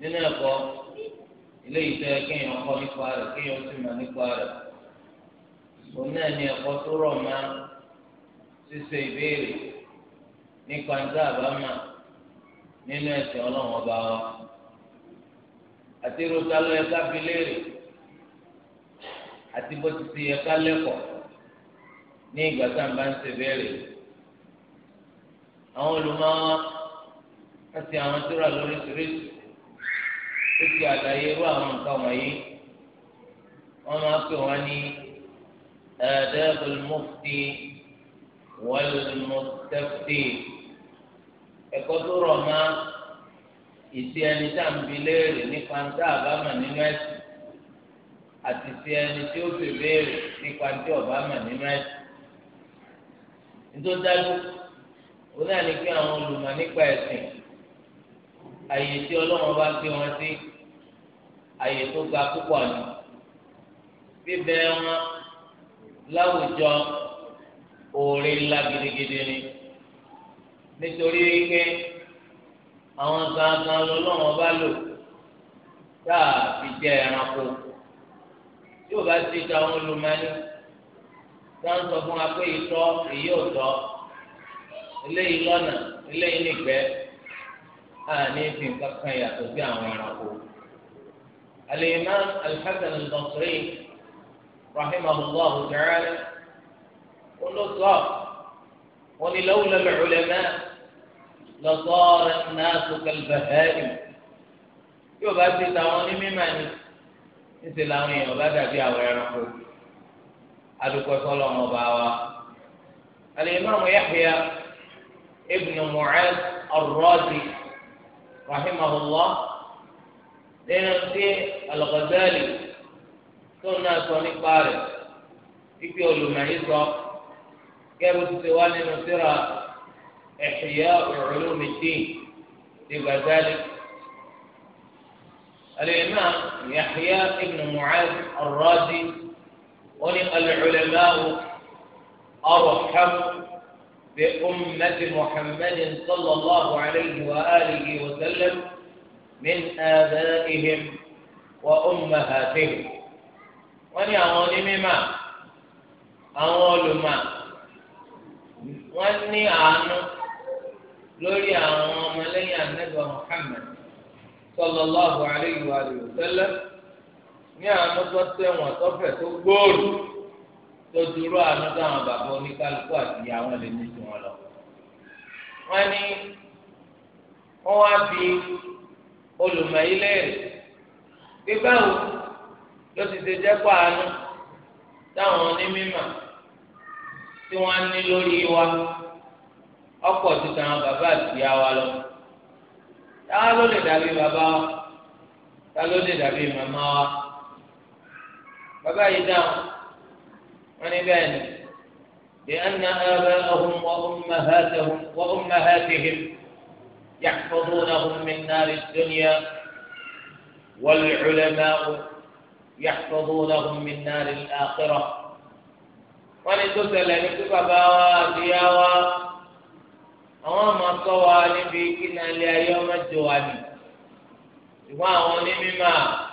nínú ẹ̀kọ́ ilé tó yẹ kéèyàn kọ́ nípa rẹ̀ kéèyàn sì mọ̀ nípa rẹ̀ òun náà ni ẹ̀kọ́ tó rọ̀ mọ́ ṣíṣe ìbéèrè nípa níta nínú ẹ̀sìn ọlọ́run ọba wa àti irúta lọ ẹ̀ka fi léèrè àti bó ti ti ẹ̀ka lẹ́kọ̀ọ́ ní ìgbà tá à ń bá ń ṣe ó ti àlàyé irú àwọn nǹkan wọ̀nyí wọ́n máa pè wọ́n ní ẹ̀ẹ́dẹ́gbẹ̀lì mufti wọ́lùmọ́tẹ́fì ẹ̀kọ́ tó rọ̀ mọ́ ìsí ẹni tá à ń bi léèrè nípa ń tá àbámọ̀ nínú ẹ̀sìn àti ìsí ẹni tí ó fi léèrè nípa ń tí ọ̀bámọ̀ nínú ẹ̀sìn. nítorí dájú ó náà ní kí àwọn olùmọ̀ nípa ẹ̀sìn àyè tí ọlọ́run bá gbé wọn sí àyè tó ga púpọ̀ ni bíbẹ wọn láwùjọ òòrè ńlá gidigidi ni nítorí wípé àwọn gangan lọ́lọ́run bá lò tá a fi jẹ ẹranko tí o bá ti ta àwọn olùmọ̀ẹ́ni tá a ń sọ fún wa pé ìtọ́ èyí ò tọ́ eléyìí lọ́nà eléyìí nìgbẹ́. àní fi nǹkan kan yàtọ̀ sí àwọn ẹranko. al Al-Basri rahimahullah ta'ala olóòtú wọn ni lawla al-ulama lasara an-nasu kal-baha'im yoo bá ti tàwọn ní mímọ̀ ni níṣẹ́ làwọn èèyàn bá dàbí àwọn ẹranko adukọ sọlọ ọmọ bá wa al Yahya ibn Mu'adh ar-Razi. rahimahullah nínú tí al-Ghazali tó náà sọ nípa rẹ̀ ibi olùmọ̀yé sọ kẹ́rù ti ti wá nínú síra Ihya Ulum ad-Din ti Ghazali. الإمام يحيى بن معاذ الرازي ولم العلماء أرحم بأمة محمد صلى الله عليه وآله وسلم من آبائهم وأمهاتهم wọ́n ní àwọn onímọ̀ àwọn olùmọ̀ wọ́n ní àánú lórí àwọn ọmọlẹ́yìn anábọ̀ Muhammad sallallahu alayhi wa sallam ní àánú tó tẹ̀wọ̀n tó fẹ̀ tó gbòòrò tó dúró àánú táwọn bàbá oníkálukú àti ìyá wọn lè ní sí wọn lọ. wọ́n ní wọ́n wá bí olùmọ̀yílẹ̀rì pé báwo ló ti ṣe jẹ́pọ̀ àánú táwọn onímọ̀ tí wọ́n ní lórí wa ọ̀pọ̀ ju táwọn bàbá àti ìyá wa lọ. táwa ló lè dàbí bàbá wa táwa ló lè dàbí màmá wa. bàbá yìí dáhùn. عن ابانه لان اباءهم وامهاتهم وامهاتهم يحفظونهم من نار الدنيا والعلماء يحفظونهم من نار الاخره ونسل ní tó sẹlẹ̀ ní tó bàbá wa àti ìyá wa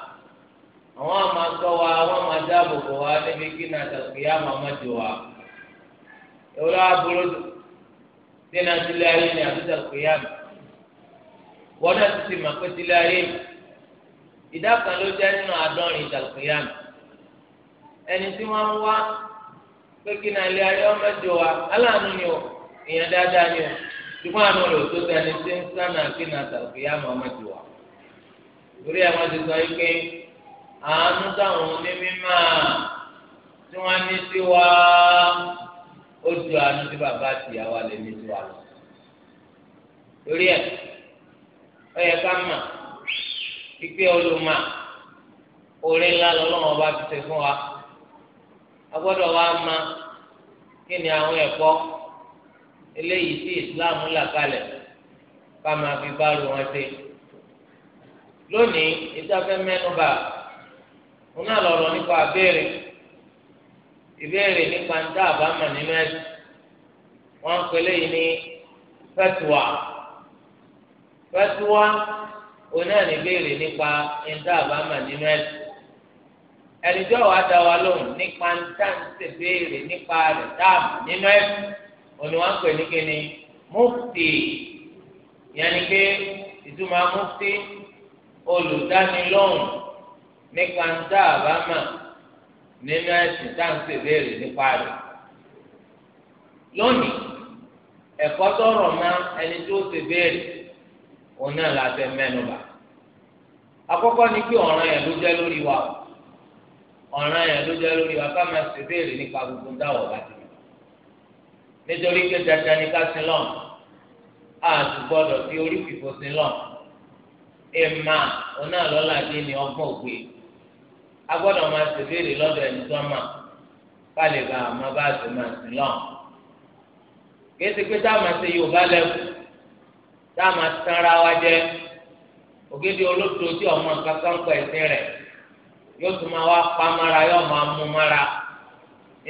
àwọn àmà sọ wa àwọn àmà dáàbò bò wa níbi kí náà tàbí àmà jò wa ìwúrọ aburú tí náà tilẹ̀ ayé ni àti tàbí àmà wọn náà ti ti mà pé tilẹ̀ ayé ìdá kan ló jẹ́ nínú àádọ́rin tàbí ẹni tí wọ́n wá pé kí náà ilé ayé ọmọ jò wa aláàánú ni o ìyẹn dáadáa ni o ṣùgbọ́n àánú rẹ̀ tó tẹni tí ń sánà kí náà tàbí àmà ọmọ jò wa torí àwọn ti sọ yìí pé àánú táwọn onímọ̀ tí wọ́n ní sí wa ó ju àánú tí bàbá àti ìyàwó alẹ́ ní sí wa lọ. torí ẹ̀ ó yẹ ká mà pípé olùmọ̀ orí ńlá lọ́lọ́wọ́ bá fi ṣe fún wa a gbọ́dọ̀ wá ma kí ni àwọn ẹ̀kọ́ eléyìí tí Islam là kalẹ̀ ká máa fi bá lu wọn ṣe lónìí ìtafẹ́ mẹ́nubà òun náà lọ̀rọ̀ nípa abéèrè ìbéèrè nípa ń dá àbámọ̀ nínú ẹ̀sìn wọ́n ń pèlè yìí ní fẹ́tùwà fẹ́tùwà òun náà ní béèrè nípa ń dá àbámọ̀ nínú ẹ̀sìn ẹnìjọ́ wa dá wa lóhùn nípa ń dá ń ṣe béèrè nípa rẹ̀ dáàmú nínú ẹ̀sìn òun wọ́n ń pè ní kíni mufti yẹn ni pé ìtumọ̀ mufti olùdánilóhùn nípa ń dá àbámà nínú ẹ̀sìn tá à ń ṣèbéèrè nípa rẹ̀ lónìí ẹ̀kọ́ tọrọ ma ẹni tó ṣèbéèrè òun náà la fẹ́ mẹ́nuba àkọ́kọ́ ni pé ọ̀ràn yẹn ló jẹ́ lórí wa ọ̀ràn yẹn ló jẹ́ lórí wa ká máa ṣèbéèrè nípa gbogbo ń dáwọ̀ bá ti nítorí pé dandan ni ká sin lọ́n a sì gbọ́dọ̀ fi orí fìfò sin lọ́n ìmà òun náà lọ́la dé ní ọgbọ́n ògbé agbọ́dọ̀ máa ṣèbéèrè lọ́dọ̀ ẹni tó mà ká lè bá àmọ́ bá àti máa sì lọ́n. kéésì pé táà máa ṣe yorùbá lẹ́kù táà máa tanra wa jẹ ògidì olóòtú tí ọmọ kankan pẹ̀ sí rẹ̀ yóò tún máa wá pa mára yóò máa mú mára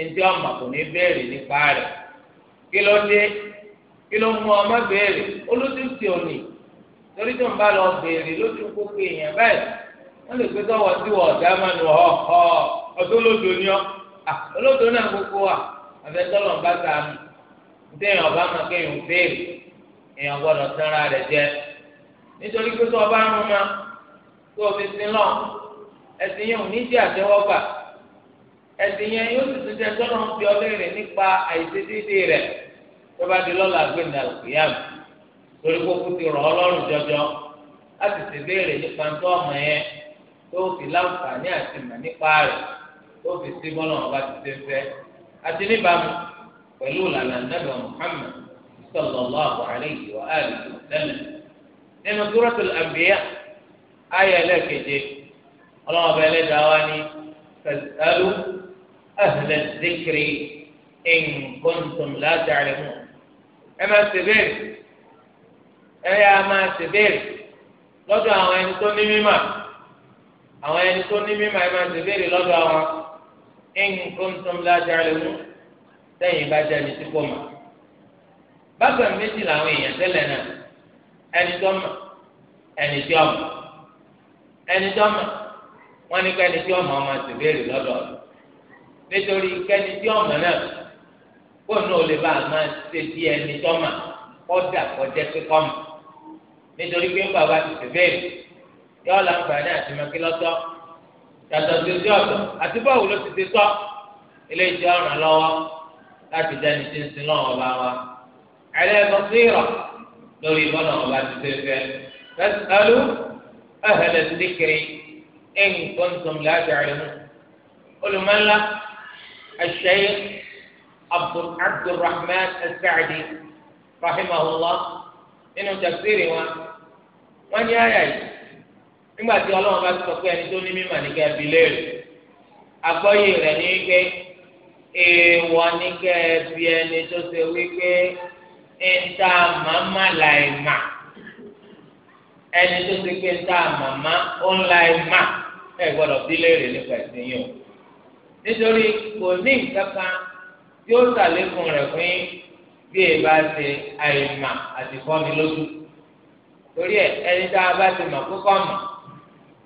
ntí ọmọ kò ní béèrè nípa rẹ̀ kí ló dé kí ló mú ọmọ béèrè olóòtú tí ò ní torí tó ń bá lọ béèrè lójú kókó èèyàn báyìí. wọ́n lè gbé sọ́wọ́ sí wọ̀ ọ̀dà máa nù ọ́ ọ́ ọdún olódò ni ọ́ olódò náà gbogbo wa àfẹ́tọ́lọ̀ ń bá sàánù nítorí èèyàn ọba máa kéèyàn béèrè èèyàn gbọ́dọ̀ sanra rẹ̀ jẹ́ nítorí pé tó ọba rún ma tó o fi sin ẹ̀sìn yẹn ò ní jẹ́ ẹ̀sìn yẹn yóò sì tún jẹ́ tọ́lọ̀ ń fi ọlẹ́rìn nípa rẹ̀ tó bá tó o sì láǹfààní àti mọ̀ nípa rẹ̀ tó o fi sí bọ́lá ọba ti ṣe ń fẹ́ àti níbàámu pẹ̀lú ìlànà nàbẹ̀ Muhammad sallallahu alayhi wa alihi wa sallam nínú suratul anbiya ayé ẹlẹ́keje ọlọ́wọ́ bẹ́ẹ̀ lẹ́dàá wá ní fasalu ahla dhikri in kuntum la ẹ máa ṣe lọ́dọ̀ àwọn ẹni tó ní mímọ̀ àwọn ẹni tó ní mímọ̀ ẹ máa ṣèbéèrè lọ́dọ̀ àwọn ẹ̀yìn kọ́ńtọ́n lájà rẹ̀ mú sẹ́yìn bá jẹ́ ẹni tí kò mọ̀. bákan méjì làwọn èèyàn tẹ́lẹ̀ náà ẹni tó mọ̀ ẹni tí ọmọ ẹni tó mọ̀ wọ́n ní kẹ́ni tí ọmọ máa ṣèbéèrè lọ́dọ̀ nítorí kẹ́ni tí ọmọ náà kó náà lè bá a máa ṣe bí ẹni tó mọ̀ kọ́dà kọjá pé kọ́mọ̀ nítorí pé bàbá ti ṣèbéèrè yọ lànfààní àti makilọtọ yàtọ̀ sí ojú ọ̀dọ̀ àti báwo ló ti ti tọ́ eléyìí ti ọ̀ràn lọ́wọ́ láti dání tí ń sin náà ọba wa ẹlẹ́gbọ́n sí ìrọ̀ lórí ìbọn náà ọba ti fẹ́ fẹ́ fẹ́sítálù ẹ̀hẹ́lẹ̀ sídìkiri ẹ̀yìn kọ́ńtọ̀m lájàre mu olùmọ̀lá ẹ̀ṣẹ́yẹ abdulrahman ẹ̀sáàdì rahimahullah nínú tafsiri wa wọ́n ní àyà yìí nígbà tí ọlọ́run bá sọ pé ẹni tó ní mímọ̀ ní kẹ́ bi léèrè agbọ́yè rẹ̀ ní wípé èèwọ̀ ní kẹ́ bi ẹni tó ṣe wípé níta màmá láì mà ẹni tó ṣe pé níta màmá ó ń láì mà ẹ gbọ́dọ̀ bi léèrè nípa ẹ̀sìn yìí o nítorí kò ní nǹkan tí ó ṣàlékún rẹ̀ fún yín bí ẹ bá ṣe àìmà àti fọ́mi lójú torí ẹ ẹni tá a bá ti mọ̀ kókó mọ̀.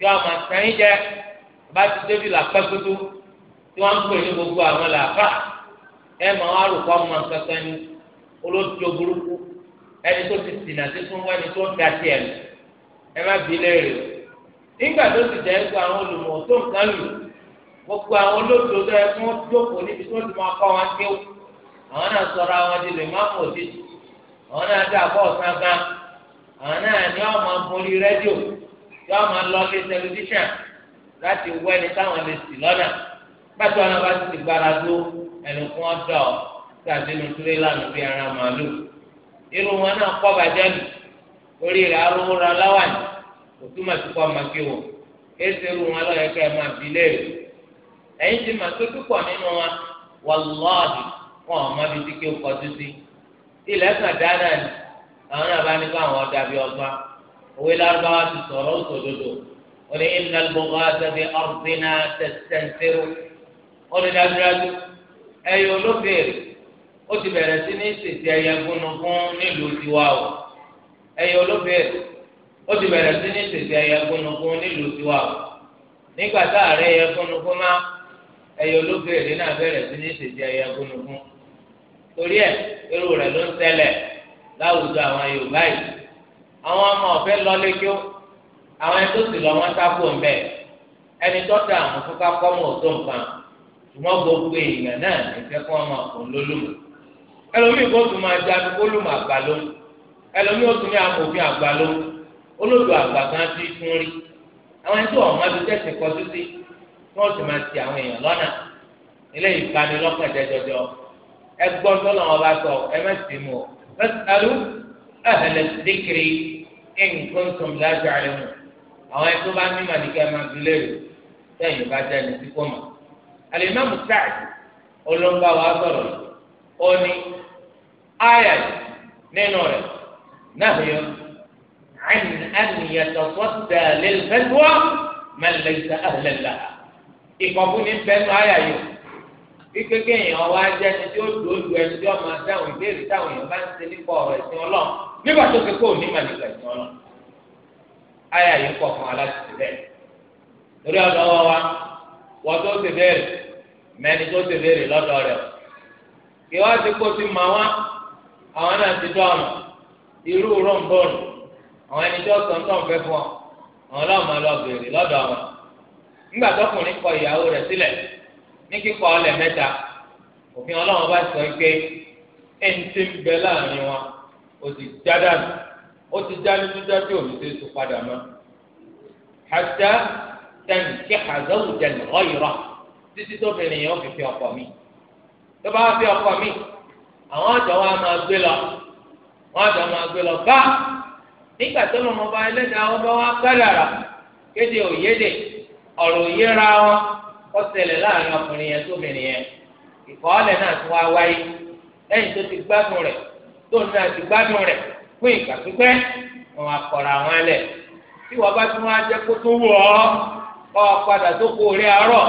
tí wọn máa sẹ́yìn jẹ bá ti débi là pẹ́kútú tí wọ́n ń ní gbogbo àwọn làbá ẹ máa wá rògbò ọmọ kankan ní olódìjọ burúkú ẹni tó ti sìn àti fún wẹni tó ń dàtí ẹ̀ ẹ má bí léèrè nígbà tó ti dẹ́ gbọ́ àwọn tó lù gbogbo àwọn jókòó níbi tó ti máa wọn àwọn náà di lè má pò àwọn náà dá yóò máa lọ lé tẹlifíṣàn láti wọ ẹni táwọn lè sì lọ́nà pàtó àwọn bá ti gbára tó ẹnu fún ọ̀dọ̀ tàbí nu tirẹ́là nu bí ara màálù irun wọn náà kọ́ bàjẹ́ nù orí rẹ̀ arúgbó ra láwàní kò túmọ̀ sí kọ́ kí wọn irun wọn lọ́yẹ kẹ́ ẹ máa fi léèrè ẹ̀yin ti tó nínú tí kí o kọ́ títí ilẹ̀ kan òwe lárúbáwá ti sọ̀rọ̀ ó sòdodo ó ní innal bughatha bi ardina tastanfiru ó ní dájúdájú ẹyẹ olóbèrè ó ti bẹ̀rẹ̀ sí ní sèse ẹyẹ gúnugún nílùú tiwa o ẹyẹ olóbèrè ó ti bẹ̀rẹ̀ sí ní sèse ẹyẹ gúnugún nílùú tiwa o nígbà tá àárẹ̀ ẹyẹ gúnugún má ẹyẹ olóbèrè náà bẹ̀rẹ̀ sí ní sèse ẹyẹ gúnugún torí ẹ irú rẹ̀ ló ń ṣẹlẹ̀ láwùjọ àwọn Yorùbá yìí àwọn ọmọ ọ̀fẹ́ lọlé kí ó àwọn ẹni tó sì lọ wọn sáfù ńbẹ ẹni tó dà àwọn fúnká kọ́ mọ̀ tó nǹkan ṣùgbọ́n gbogbo èèyàn náà nífẹ̀ẹ́ kọ́ ọmọ ọ̀fọ̀ lólùmọ̀ ẹlòmíì kó tún máa dá dúpọ̀ lùmọ̀ àgbà ló ẹlòmíì ó tún ní amòfin àgbà ló olódò àgbà kan ti fún rí àwọn ẹni tó ọ̀mọ́ ti tẹ̀sìn kọ títí wọ́n sì máa ti àwọn èèyàn lọ́nà eléyìí bá ní lọ́kàn jẹjọjọ ẹgbọ́n tó lọ́wọ́ bá sọ ẹ má mú ọ أهل الذكر إن كنتم لا تعلمون àwọn ẹni tó bá ní màdìkẹ́ máa fi léèrè sẹ́yìn bá jẹ́ ẹni tí kò mọ̀. alimami Sa'd olóńgbà wa sọ̀rọ̀ ó ní àyà nínú rẹ̀ nahyu an an yatasadda lil fatwa man laysa ahlan laha. ìkọ̀kún ní bẹ́ẹ̀nu àyà yìí wípé kéèyàn wá jẹ́ ẹni tí ó dòdò ẹni tí ó máa dáhùn ìbéèrè táwọn èèyàn bá ń ṣe nípa ọ̀rọ̀ ẹ̀sìn ọlọ́run. nígbà tó ṣe kó o ní mà nígbà ìsìn ayé fún ti bẹ́ẹ̀ torí ọ̀dọ́ wa wọ́n tó ṣe bẹ́ẹ̀rẹ̀ mẹ́ni tó ṣe bẹ́ẹ̀rẹ̀ lọ́dọ̀ rẹ̀ ti kó ti mà wá àwọn náà ti ọ̀nà irú àwọn ẹni tó ọ àwọn lọ bèrè lọ́dọ̀ wọn ó ti já dànù ó ti já nínú dájú òní tó tún padà mọ́ hatta tankiha zawjan ghayra títí tóbìnrin yẹn ó fi fi ọkọ mi tó bá fi ọkọ mi àwọn ọ̀dọ́ wa máa gbé lọ wọ́n àjọ máa gbé lọ bá nígbà tó lọ́mọ bá ẹlẹ́dàá wọn bá wá kádàrà kéde òyédè ọ̀rọ̀ òyéra wọn kọ́ ṣẹlẹ̀ láàrin ọkùnrin yẹn tóbìnrin yẹn ìkọ́ọ́lẹ̀ náà tún wá wáyé lẹ́yìn tó ti gbádùn rẹ̀ tóun náà ti gbádùn rẹ̀ fún ìgbà pípẹ́ wọn akọ̀rọ̀ àwọn ẹlẹ̀ tí wọ́n bá tún wá jẹ́ kó tó wù ọ́ kọ́ ọ padà tó kó orí arọ́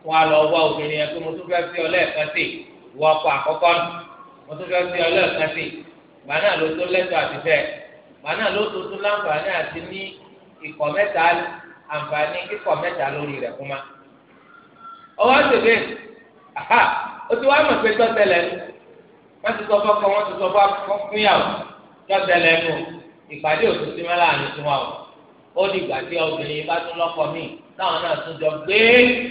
fún wa wá obìnrin yẹn pé mo tún fẹ́ sí ọ lẹ́ẹ̀kan sí wọ́n kọ àkọ́kọ́ nù mo tún fẹ́ sí ọ lẹ́ẹ̀kan sí gbà náà ló tó lẹ́tọ̀ àti fẹ́ gbà náà ló tó tún láǹfààní àti ní ikọ̀ mẹ́ta àǹfààní ikọ̀ mẹ́ta lórí rẹ̀ fún ọwọ́ àtẹ̀lé aha o ti wá mọ̀ pé wọ́n ti sọ fọ́kọ wọ́n ti sọ fúnyàwó lọ́tẹ̀lẹ̀ nù ìpàdé òtún sí mẹ́lá àánú tí wọ́n ó di ìgbà tí obìnrin bá tún lọ́kọ míì táwọn náà tún jọ gbé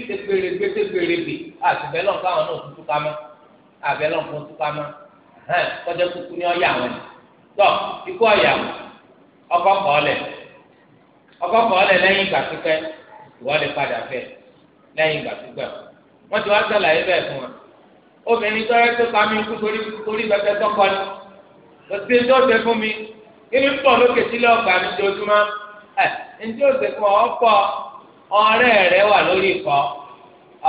tẹ́gbèrè gbé tẹ́gbèrè bì àtìbẹ́ lọ́n káwọn náà tún túká mọ́ àbẹ́ lọ́n fún túká mọ́ kọjá kúkú ní ọ̀yà wọn tọ́ ikú ọ̀yà ọkọ̀ kọ́ọ̀lẹ̀ ọkọ̀ kọ́ọ̀lẹ̀ lẹ́yìn ìgbà pípẹ́ ìwọ́lẹ̀ padà fẹ́ lẹ́yìn ìgbà pípẹ́ wọ́n ti wá sàlàyé bẹ́ẹ̀ fún wọn obìnrin tó yẹ kó sami kú torí torí bẹbẹ tọkọ ni lọsí ẹjọ ọsẹ fún mi kí ni pọ lókè sílẹ̀ ọgbà mi dojúmọ́ ẹ ẹjọ ọsẹ fún ọ pọ ọ̀rẹ́ rẹ̀ wà lórí ikọ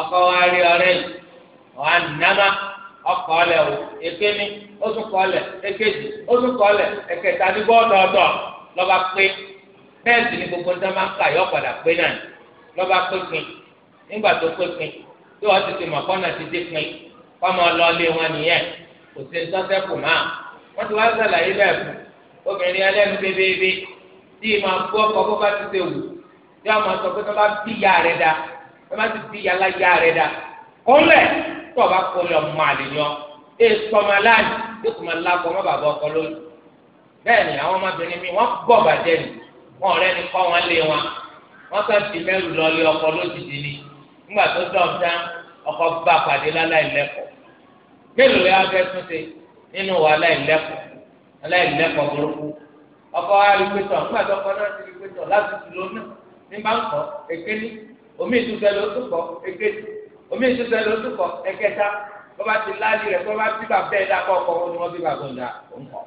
ọkọ wa rí ọ̀rẹ́ yìí wà nàmà ọkọ ọlẹ o èkéni ó tún kọ ọlẹ èkejì ó tún kọ ọlẹ ẹ̀kẹta ní gbọdọọdọ lọba pé bẹ́ẹ̀ sì ni gbogbo ń dáná yọ padà pé náà lọba pé pin nígbà tó pé pin tí wọn ti ti mọ kọ́nà ti dé pin kọ́ máa lọ ilé wọn nìyẹn kò sí sọ́sẹ́ kù máa wọ́n ti wá sàlàyé bẹ́ẹ̀ fún obìnrin ẹlẹ́nu bébébé tí ma gbọ́ ọkọ̀ bó bá ti ṣe wù tí a máa sọ pé tó bá bí ya rẹ̀ da tó bá ti bí yàrá ya rẹ̀ da kọ́lẹ̀ tó o bá kọ́lẹ̀ ọmọ àlèyàn èyí sọmọ aláàjì yóò tó máa lágbọ́ má bàbá ọkọ lónìí bẹ́ẹ̀ ni àwọn ọmọbìnrin mi wọ́n gbọ́ bàjẹ́ ni wọn ọ̀rẹ́ ni kọ́ wọn lé wọn wọ́n sọ ti mẹ́rù lọ́lé ọkọ lójijì ni nígbà tó dọ̀ ọ̀dá ọkọ bá pàdé láláì lẹ́kọ̀ọ́ kéèlò lè abẹ tún ṣe nínú wa aláìlẹkọ aláìlẹkọ burúkú ọkọ arìgbẹtọ nígbàtí ọkọ náà ti rìgbẹtọ láti tù lọ náà ń kọ èkéní omi ìtúsẹ ló tún kọ èkéní omi ìtúsẹ ló tún kọ ẹ̀kẹta bọba ti láàyè rẹ bọba ti bà bẹ́ẹ̀ dá kọ ọkọ wọn ni wọn bí bà gbọ́dọ̀ òǹkọ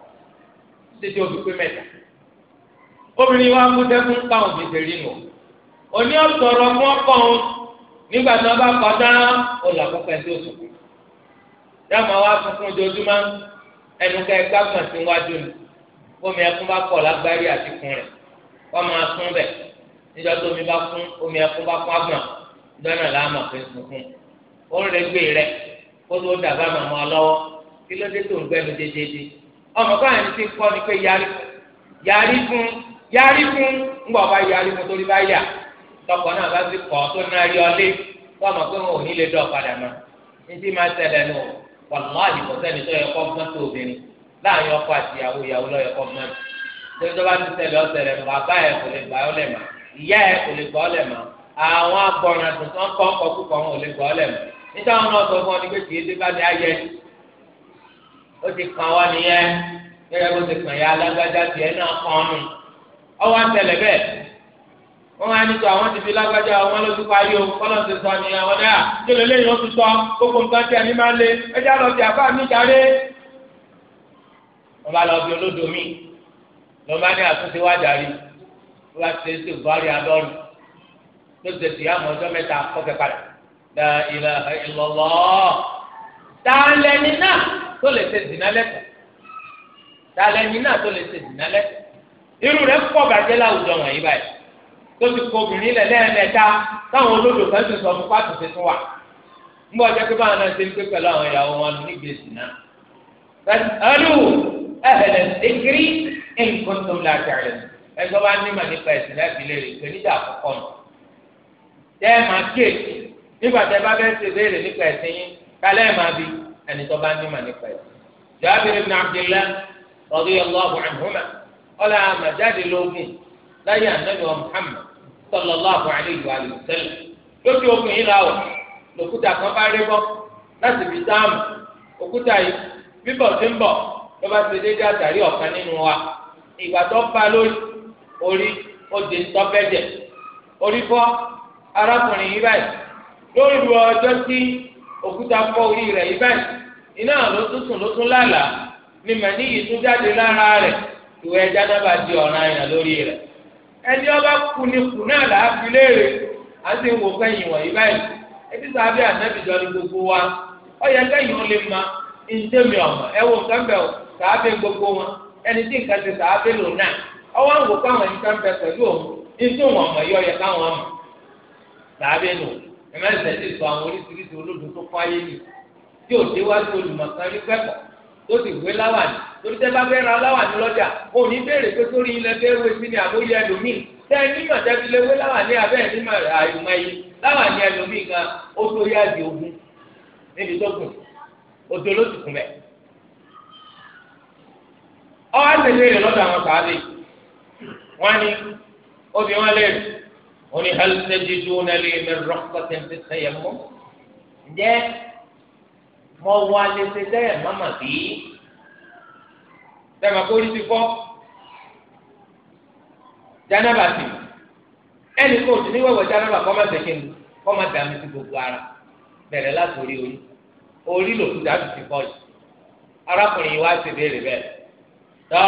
títí o fi pé mẹ́ta obìnrin wa ń kú sẹkún káwọn fi tẹrí nù òní ọ̀sọ̀rọ̀ fún nígbà tí wọn bá kọ tán ó lọ àkọ́kọ́ dáàmú àwa funfun ojoojúmọ́ ẹnu ká ẹgbẹ́ àgbọ̀n sí wájú ni omi ẹkún bá pọ̀ lágbárí àti kun rẹ̀ wọ́n máa kún bẹ̀ níjọ́ tó omi bá kún omi ẹkún bá kún àgbọ̀n dọ́nà láàmú àfin sunkún ó ń rẹ́gbẹ́ rẹ̀ kó tó dàbá màmá lọ́wọ́ kí ló dé tó ń gbẹ́nu déédéé ọmọ káyọ̀ ní ti kọ́ ni pé yarí yarí fún yarí fún ńgbọ̀ bá yarí fún torí bá yà tọkọ náà bá ti kọ́ tó náà rí ọlé wọ́n mọ̀ pé wọn ò ní lè dọ̀ padà mọ́ ní ti máa tẹ̀lé nù ọ́ wàláhì kò sẹ́ni tó yẹ kọ́ gbọ́n tó obìnrin láàrin ọkọ àti ìyàwó ìyàwó ló yẹ kọ́ gbọ́n tó torí tó bá ti ṣẹlẹ̀ ọ̀sẹ̀lẹ̀ bàbá ẹ̀ kò lè gbà ọ́ lẹ̀ mọ́ ìyá ẹ̀ kò lè gbà ọ́ lẹ̀ mọ́ àwọn agbọ̀nràn tuntun kọ́ ọkọ̀ púpọ̀ wọn ò lè gbà ọ́ lẹ̀ mọ́ níta wọn náà sọ fún ọ ní pé kì í dé ní ayẹ ó ti kàn wá nìyẹn gẹ́gẹ́ bó ti kàn yá alágbájá tiẹ̀ náà kàn án nù ọwọ́ àtẹlẹ bẹ́ẹ̀ wọn wá ní sọ àwọn ti fi lágbájá wọn ló ti parí o kọlọ ti sọ ni àwọn náà kílò lẹ́yìn ó ti sọ gbogbo nǹkan tí ẹni máa lé ẹjá lọ sí àbá mi jáde. wọn bá lọ bí olódò mi lọ bá ní àtúnṣe wá jàre wọn bá ti ṣe buhari adọrin ló ti ṣe àmọ́ ọjọ́ mẹ́ta kọfẹ padà dá ilà ìlọlọ tààlẹni náà tó lè ṣe dìnnà lẹkọ tààlẹni náà tó lè ṣe dìnnà lẹkọ irú rẹ̀ pọ̀ bàjẹ́ láwùjọ wọn yìí báyìí tó ti kọ obìnrin lẹ̀ lẹ́ẹ̀mẹ́ta táwọn olódò kan ti sọ fún pàtó ti tún wà ń bọ̀ jẹ́ pé báwọn náà ṣe ń pé pẹ̀lú àwọn ìyàwó wọn ní gbèsè náà. bẹ́ẹ̀ ẹlú ẹ̀hẹ̀lẹ̀ ṣèkiri nǹkan tó ń la jàre ẹgbẹ́ wa ní mà nípa ẹ̀sìn láti lè rìn ìpèníjà àkọ́kọ́ nù. tẹ́ ẹ máa kéèkì nígbà tẹ́ bá bẹ́ẹ̀ ṣe béèrè nípa ẹ̀sìn yín kálẹ̀ máa bi ẹni tó bá ní mà nípa ẹ̀sìn. Jabir ibn Abdillah ala alaihi wa sallam lójú ogun yìí làwọ̀ lòkúta kan bá rí bọ́ láti fi sáàmù òkúta yìí bíbọ̀ sí ń bọ̀ ló bá àtàrí ọ̀kan nínú wa ìgbà tó bá lórí orí òde orí fọ́ arákùnrin yìí báyìí lórí ọjọ́ òkúta fọ́ orí rẹ̀ yìí báyìí iná ló tún sùn ló tún lálàá ni mẹ́ni ẹni ọba kuni ni kù náà là á fi léèrè à ń sì ń wò kẹ́yìn wọ̀nyí báyìí ẹtí sábẹ́ ànábìjọ ni gbogbo wa ọyẹ kẹ́yìn ó lè ma ìjẹ́mi gbogbo wọn ẹni tí nǹkan ti sábẹ́ lò náà ọwọ́ ń wò káwọn nǹkan òun nítorí wọn ọyẹ káwọn nù sọ àwọn oríṣiríṣi olódùn tó ayé tí ò déwájú rí pẹ́pọ̀ tó torí tẹ bá fẹ́ ra láwà ní lọ́jà òní béèrè pé sórí ilẹ̀ fẹ́ wé sí ni àbóyá ẹlòmíì tẹ nímọ̀ tẹ́bi lé wé láwà ní abẹ́ nímọ̀ àyùmọ̀ yìí láwà ní ẹlòmíì gan ó tó yá di ogun níbi tó gùn odò ló ti kùn mẹ́. ọ á lè léèrè lọ́dọ̀ àwọn sàádé wọ́n ní obì wọn léèrè wọ́n ní hal tajiduna li min raqatin fi tayammum ǹjẹ́ mo wà sẹ́wọ̀n kó rí ti fọ́ jánábà sí ẹnì kò sí ní wẹ̀wẹ̀ jánábà kọ́ máa tẹ̀kẹ́ mi kọ́ máa dàmí sí gbogbo ara bẹ̀rẹ̀ láti orí orí orí lòkùn dàbí ti fọ́ yìí arákùnrin yìí wá ṣe béèrè bẹ́ẹ̀ tọ́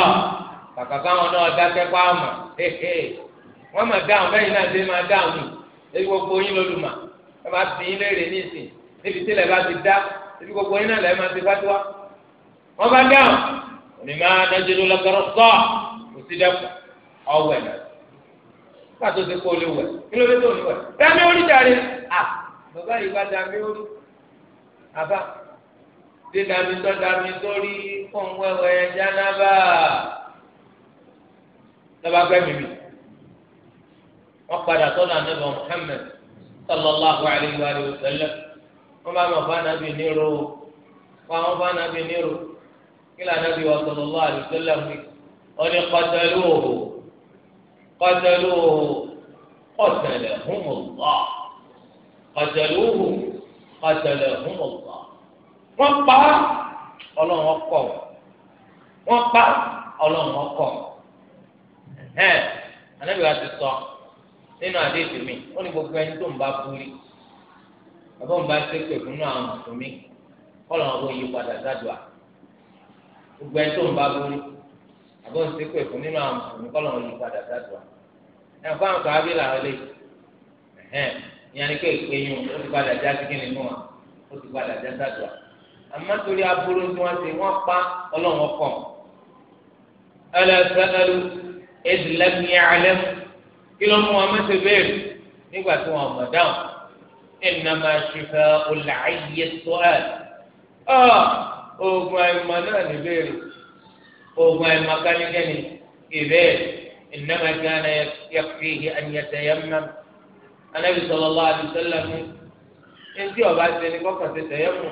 kàkà káwọn náà dákẹ́ pa àmà wọ́n máa dáhùn bẹ́ẹ̀ náà ṣe máa dáhùn nù ebi gbogbo yín lọ́lùmọ̀ ẹ máa fi yín léèrè ní ìsìn níbi tí ilẹ̀ bá ti dá ebi gbogbo yín náà lẹ́ẹ̀ máa ti fatuwa wọ́n bá dáhùn mímá dájúdó lọ́kọ́rọ́ sọ kò sí dẹ́kun ọ̀wẹ̀ náà pàtó ti kó olè wẹ̀ kí ló dé tó olè wẹ̀ dàmí orí dàrí à bàbá yìí bá dàmí orí àbá dé dàmí tó dàmí sórí fún wẹ́wẹ́ jánábà lọ́ba gbẹ́mìí mi wọ́n padà sọ́dọ̀ àdébọ̀ Muhammad sallallahu alayhi wa sallam wọ́n bá mọ̀ fún anabi nírò wọ́n àwọn fún anabi nírò kí lànà bí wọ́n sọ̀rọ̀ lọ́wọ́ àdùsọ́lá mi wọ́n ní kọ́tẹ́lóòhù kọ́tẹ́lóòhù kọ́tẹ́lẹ̀ húmùlọ́ kọ́tẹ́lóòhù kọ́tẹ́lẹ̀ húmùlọ́ wọ́n pa ọlọ́run ọkọ̀ wọ́n pa ọlọ́run ọkọ̀ ẹ̀ anábìwá ti sọ nínú àdéhùn mi ó ní gbogbo ẹni tó ń bá fúri àbọ̀ ń bá ṣépè fún àwọn mùsùlùmí kọ́lọ́run ọkọ̀ yí padà sádùá gbogbo ẹ tó ń bá borí àbọ̀ ń ṣépè fún nínú àwọn mùsùlùmí kọ́ lọ́wọ́ yìí padà sádùá ẹ̀ fún àwọn kàábí làwọn lè ẹ̀hẹ́n ìyẹn ni pé ìpéyìn ó ti padà já sí kíni nù wọn ó ti padà já sádùá àmọ́ torí aburú tí wọ́n ti wọ́n pa ọlọ́wọ́ kọ̀ ẹlẹ́sẹ̀ẹ́lú ẹ̀dìlẹ́mìí alẹ́ kí ló mú wọn mẹ́sẹ̀ bẹ́ẹ̀rù nígbà tí wọn mọ̀ dáhùn ẹ̀ oògùn àìmọ̀ náà ní béèrè oògùn àìmọ̀ kánikẹ́ni ìbéèrè ìnáma gánà yàtìhì ànyàtẹ̀yẹ́mà anábì sallallahu alaihi wasallam ẹtí ọba ṣe ní kọ́kọ́ ṣe tẹ̀yẹ́mù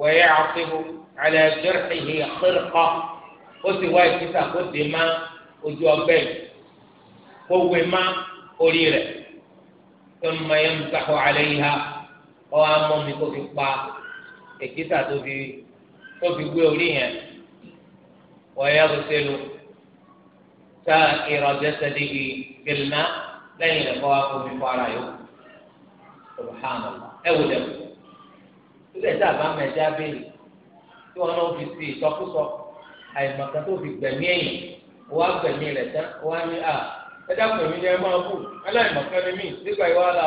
wẹ̀yẹ́ àtìhù alẹ́ jẹ́rìhì àkérèkọ́ ó sì wá ìkísà kó dé má ojú ọgbẹ́ yìí kó wé má orí rẹ̀ tó ń mọ yẹn ń sàkó àlẹ́ yìí ha ọ́ á mi kó fi pa èkìtà tó fi tó fi gbé orí yẹn wọ́yẹ́ rúṣẹ́lu tá ìrọ̀jẹ́ sẹ́dígì gbẹ̀lẹ́mà lẹ́yìn rẹ̀ kọ́ wá fún mi fọ́ ara yòó subahana ẹ wò dẹ̀ síbẹ̀ tá a bá mẹ́jẹ́ abéèrè tí wọ́n náà fi sí ìsọkúsọ àìmọ̀kan tó fi gbẹ̀mí ẹ̀yìn wọ́n gbẹ̀mí rẹ̀ tán wọ́n á ní à ẹ̀dá pẹ̀mí ni ẹ máa kú aláìmọ̀kan ni mí nígbà yìí wọ́n á la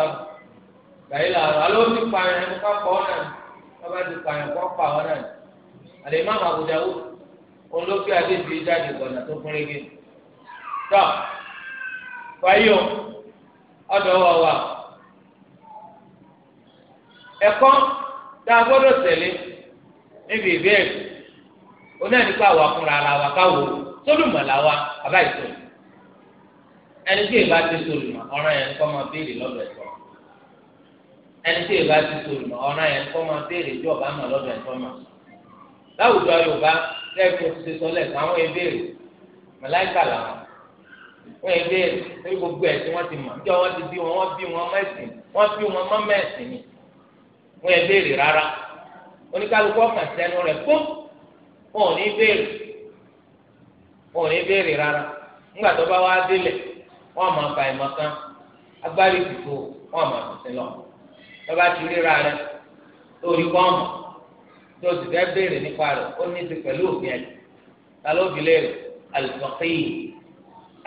gbàyìí bàbá ti pààyàn kọ́ pa àwọn náà àlè má má àbújá o òun ló àdébí jáde gbọ̀nà tó kún régé tọ́ fàyò ọ̀dọ̀ wà wà ẹ̀kọ́ tá a gbọ́dọ̀ tẹ̀lé níbi ìbéèrè onáàdìpá àwa wa wa ẹni tí ti ọ̀ràn yẹn kọ́ máa béèrè ẹni tí ìbá ti sòrò mọ ọ̀ràn yẹn kọ́ máa béèrè ju ọ̀bá mọ̀ lọ́dọ̀ ẹ̀tọ́ mọ̀ láwùjọ yorùbá lẹ́ẹ̀kọ́ ti sọ lẹ́ẹ̀kan àwọn ìbéèrè màláìkà làwọn wọ́n yẹ lórí gbogbo wọ́n ti mọ̀ ti bí wọn wọ́n bí wọn mẹ́sìn wọ́n bí wọn mọ́ lọ́ba ti ríra rẹ lórí kọ́ọ̀mù tó ti fẹ́ béèrè nípa rẹ̀ ó ní ti pẹ̀lú òfin ẹ̀jẹ̀ ta ló fi léèrè alifakii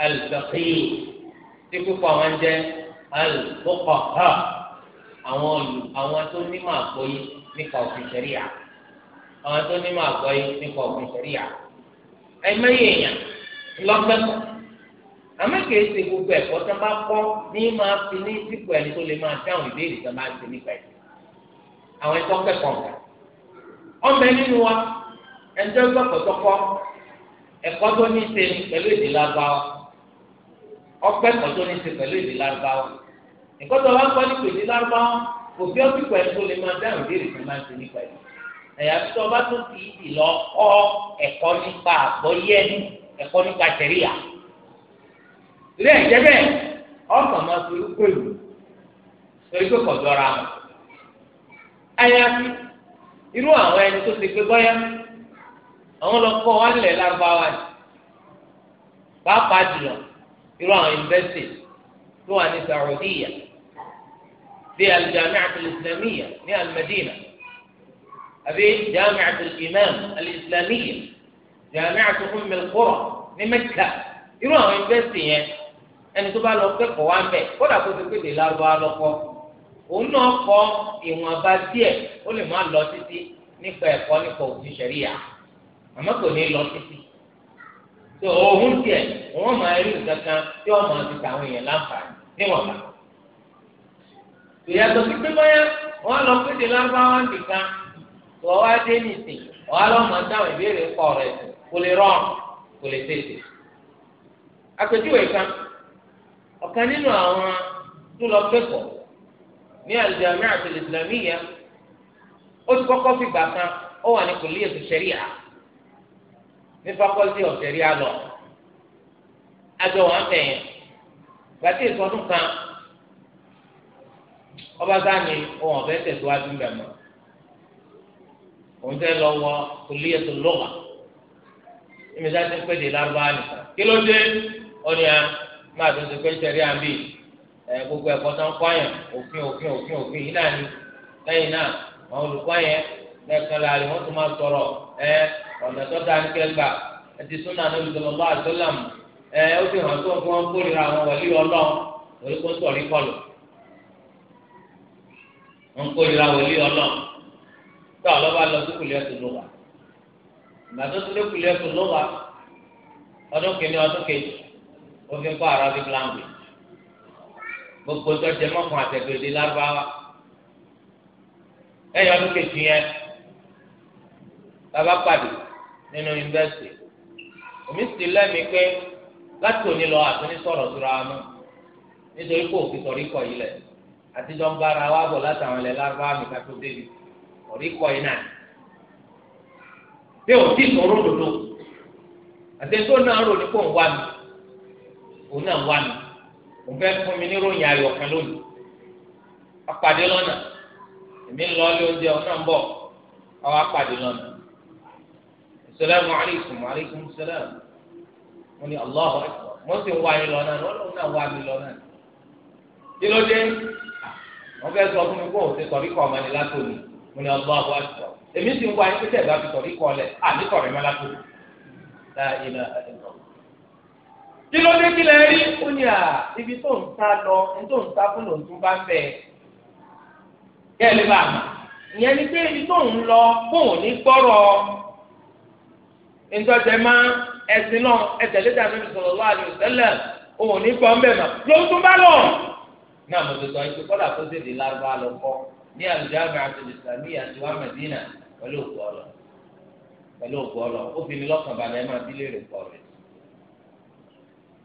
alifakii tí púpọ̀ wọn jẹ́ alifokọ̀hà àwọn olù àwọn tó nímọ̀ àgbọ́yé nípa òfin ṣẹ̀ríà àwọn tó nímọ̀ àgbọ́yé nípa òfin ṣẹ̀ríà ẹ̀mẹ́yẹ̀yàn lọ́gbẹ́kọ̀ọ́ àmọ́ kìí ṣe gbogbo ẹ̀kọ́ tó bá kọ́ ní máa fi ní sípò ẹni tó lè máa dáhùn ìbéèrè tó máa ṣe nípa ẹ̀sìn àwọn ẹ̀kọ́ kẹ́kọ̀ọ́ nǹkan ọmọ ẹ nínú wa ẹ̀ńtọ́ gbọ́kọ̀tọ́kọ́ ẹ̀kọ́ tó ní ṣe pẹ̀lú èdè lágbáwá ọpẹ́ ẹ̀kọ́ tó ní ṣe pẹ̀lú èdè lágbáwá ẹ̀kọ́ tó wá kọ́ nípa èdè lágbáwá kò bí ọ́sìpọ̀ ẹni tó lè máa dáhùn ìbéèrè tó ilé ẹ̀jẹ̀ bẹ́ẹ̀ ọkàn máa fi rúkọ ìlú torí pé kò dọ́ra mọ́ àyàfi irú àwọn ẹni tó ti pé bọ́yá àwọn lọ kọ́ wá nílẹ̀ lárúbáwá yìí pàápàá jùlọ irú àwọn yunifásitì tó wà ní Saudiya bí al-Jami'at ní al àbí Jami'at al-Imam al-Islamiyya ní Mẹ́kà irú àwọn yunifásitì yẹn ẹni tó bá lọ kẹ́kọ̀ọ́ wá ń bẹ̀ kódà kó ti pété lárúbáwá lọ́kọ́ òun náà kọ ìwọ̀nba díẹ̀ ó lè má lọ títí nípa ẹ̀kọ́ nípa òfin ṣẹ̀ríyà àmọ́ kò ní lọ títí tó òun tiẹ̀ wọ́n máa rí nǹkan kan tí wọ́n máa fi tàwọn èèyàn láǹfààní níwọ̀nba ìyàtọ̀ sí pé báyà wọ́n lọ pété lárúbáwá nìkan tó wá dé nìsín wọ́n á lọ́ máa ìbéèrè pọ̀ rẹ̀ kò lè rọrùn kò lè tètè àpèjúwe kan ọ̀kan nínú àwọn tó lọ kẹ́kọ̀ọ́ ní al-Jami'ah al-Islamiyyah ó ti kọ́kọ́ fi gbà kan ó wà ní kulliyat al-Sharia ní fakọ́lítì of Sharia lọ àjọ wọn fẹ̀ yẹn gbàtí ìsọdún kan ọba sáni ohun ọ̀fẹ́ tẹ̀síwájú mbẹ̀ mọ́ òun tẹ́ lọ wọ kulliyat al-Lugha ìmísà ti ń pèdè nìkan kí ló dé ọ̀nìyàn. máa tó ṣe pé ṣẹ̀rí àmì gbogbo ẹ̀kọ́ tó ń kọ́ àyàn òfin òfin òfin òfin yìí náà ni lẹ́yìn náà àwọn olùkọ́ yẹn lẹ́ẹ̀kan láàrin wọ́n tún máa sọ̀rọ̀ ẹ ọ̀nà tó dáa ní kẹgbà ẹ ti súnà ní ẹ ó hàn tó fún wọn kórìíra àwọn kó kọlù wọn kórìíra tó ọlọ́ba lọ sí ó fi kọ́ arabic language gbogbo tó jẹ mọ́kàn àtẹ̀gbẹ̀dẹ̀ lárúbáwá ẹ̀yìn ọdún kejì yẹn bàbá pàdé nínú yunifásitì èmi sì lẹ́mìí pé láti òní lọ àtúní sọ̀rọ̀ síra mọ́ nítorí kò fi sọ̀rí kọ̀ yìí lẹ̀ àtijọ́ ń bára wa bọ̀ látàwọn ilẹ̀ lárúbáwá mi ká tó débi sọ̀rí kọ̀ yìí náà bí o sọ̀rọ̀ òdodo àti náà rò ní kò ń wá mi. òun náà wà mí òun fẹ́ fún mi níròyìn ayọ̀ kan lónìí apàdé lọ́nà èmi ń lọ ilé oúnjẹ òun ń bọ̀ apàdé lọ́nà alaikum wa alaikum mo ní Allahu mo sì ń wá yín lọ́nà lọ́nà kí ló dé fẹ́ sọ fún mi kó o ti kọ́ ọmọ ni mo ní èmi sì ń wá yín pé kí ló dé kí lẹ rí ó ní à ibi tó ń ta lọ ní tó ń ta fún lòun tó bá fẹ́ kí ẹ lè bá a ìyẹn ni pé ibi tó ń lọ fóun ní gbọ́rọ̀ ntọ́jẹ́ máa ẹ̀sìn náà ẹ̀tẹ̀lẹ́dà mi sọ̀rọ̀ lọ́wọ́ àdìo tẹ́lẹ̀ òun ní gbọ́ mbẹ́ mà lóun tó bá lọ. ní àmọ̀tòtò ayé kọ́lá tó tètè lárúbá lọ kọ́ ní àlùjáàmì àtòlùsàmì àti wà mẹ́dínà pẹ̀lú òkú ọlọ pẹ̀lú òkú ọlọ ó fi ní lọ́kàn balẹ̀ ẹ̀ máa bí pọ̀ rẹ̀.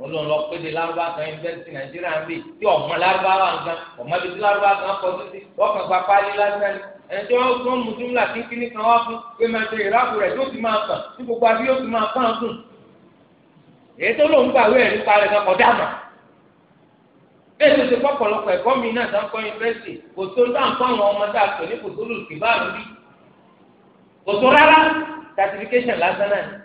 òun ló ń lọ pé de lárúbá kan yunifásitì nàìjíríà ń bì tí ọmọ lárúbáwá nǹkan ọmọ ibi tí lárúbá kan kọ títí wọn kàn gba pálí lásán ni ẹni tí wọn tún mú júmùlà kínkínní kan wá fún pé máa ṣe ìrákù rẹ yóò ti máa kàn tí gbogbo àbí yóò ti máa kàn gùn èyí tó lòun gbàwé ẹ̀rí parẹ́ kan kọjá mà bẹ́ẹ̀ tó ṣe pọ̀pọ̀lọpọ̀ ẹ̀kọ́ mi náà tá kọ́ yunifásitì kò tó dáǹkọ́ tó lù certification lásán náà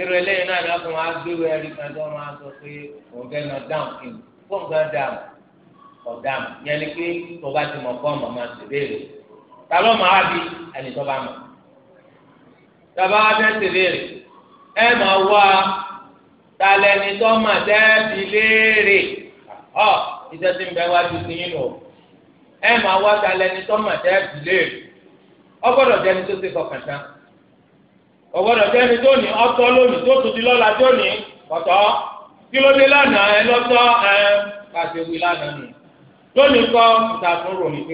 irú eléyìí náà lọ́kọ́ wọn á gbéwò ẹ̀rí kan tó wọn á sọ pé òun fẹ́ lọ dáhùn kí fóun kan dáhùn ọ̀dáhùn yẹn ni pé tó bá ti mọ̀ kọ́ ọmọ máa ta ló máa bí ẹni tó bá ọ tí ń bẹ wá ju ti yín lọ ọgbọdọ jẹ́ni tó ní ọtọ́ lónìí tó tún di tó ní ọ̀tọ́ kí ló dé lánàá ẹ lọ́tọ́ ẹ kàṣẹ wí lánàá nù lónìí ìtàkùn ròyìn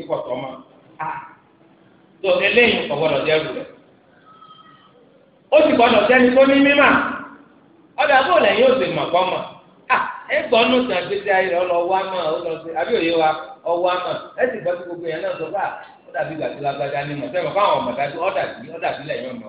tó eléyìí ó sì tó ní mímà ọ̀dà ó sì kọ́ ẹ gbọ́ nù sàn gbèsè ayé ọlọ́wọ́ àmà àbí òye wa ọwọ́ àmà ẹ sì gbọ́ ní mọ̀ sẹ́wọ̀n bí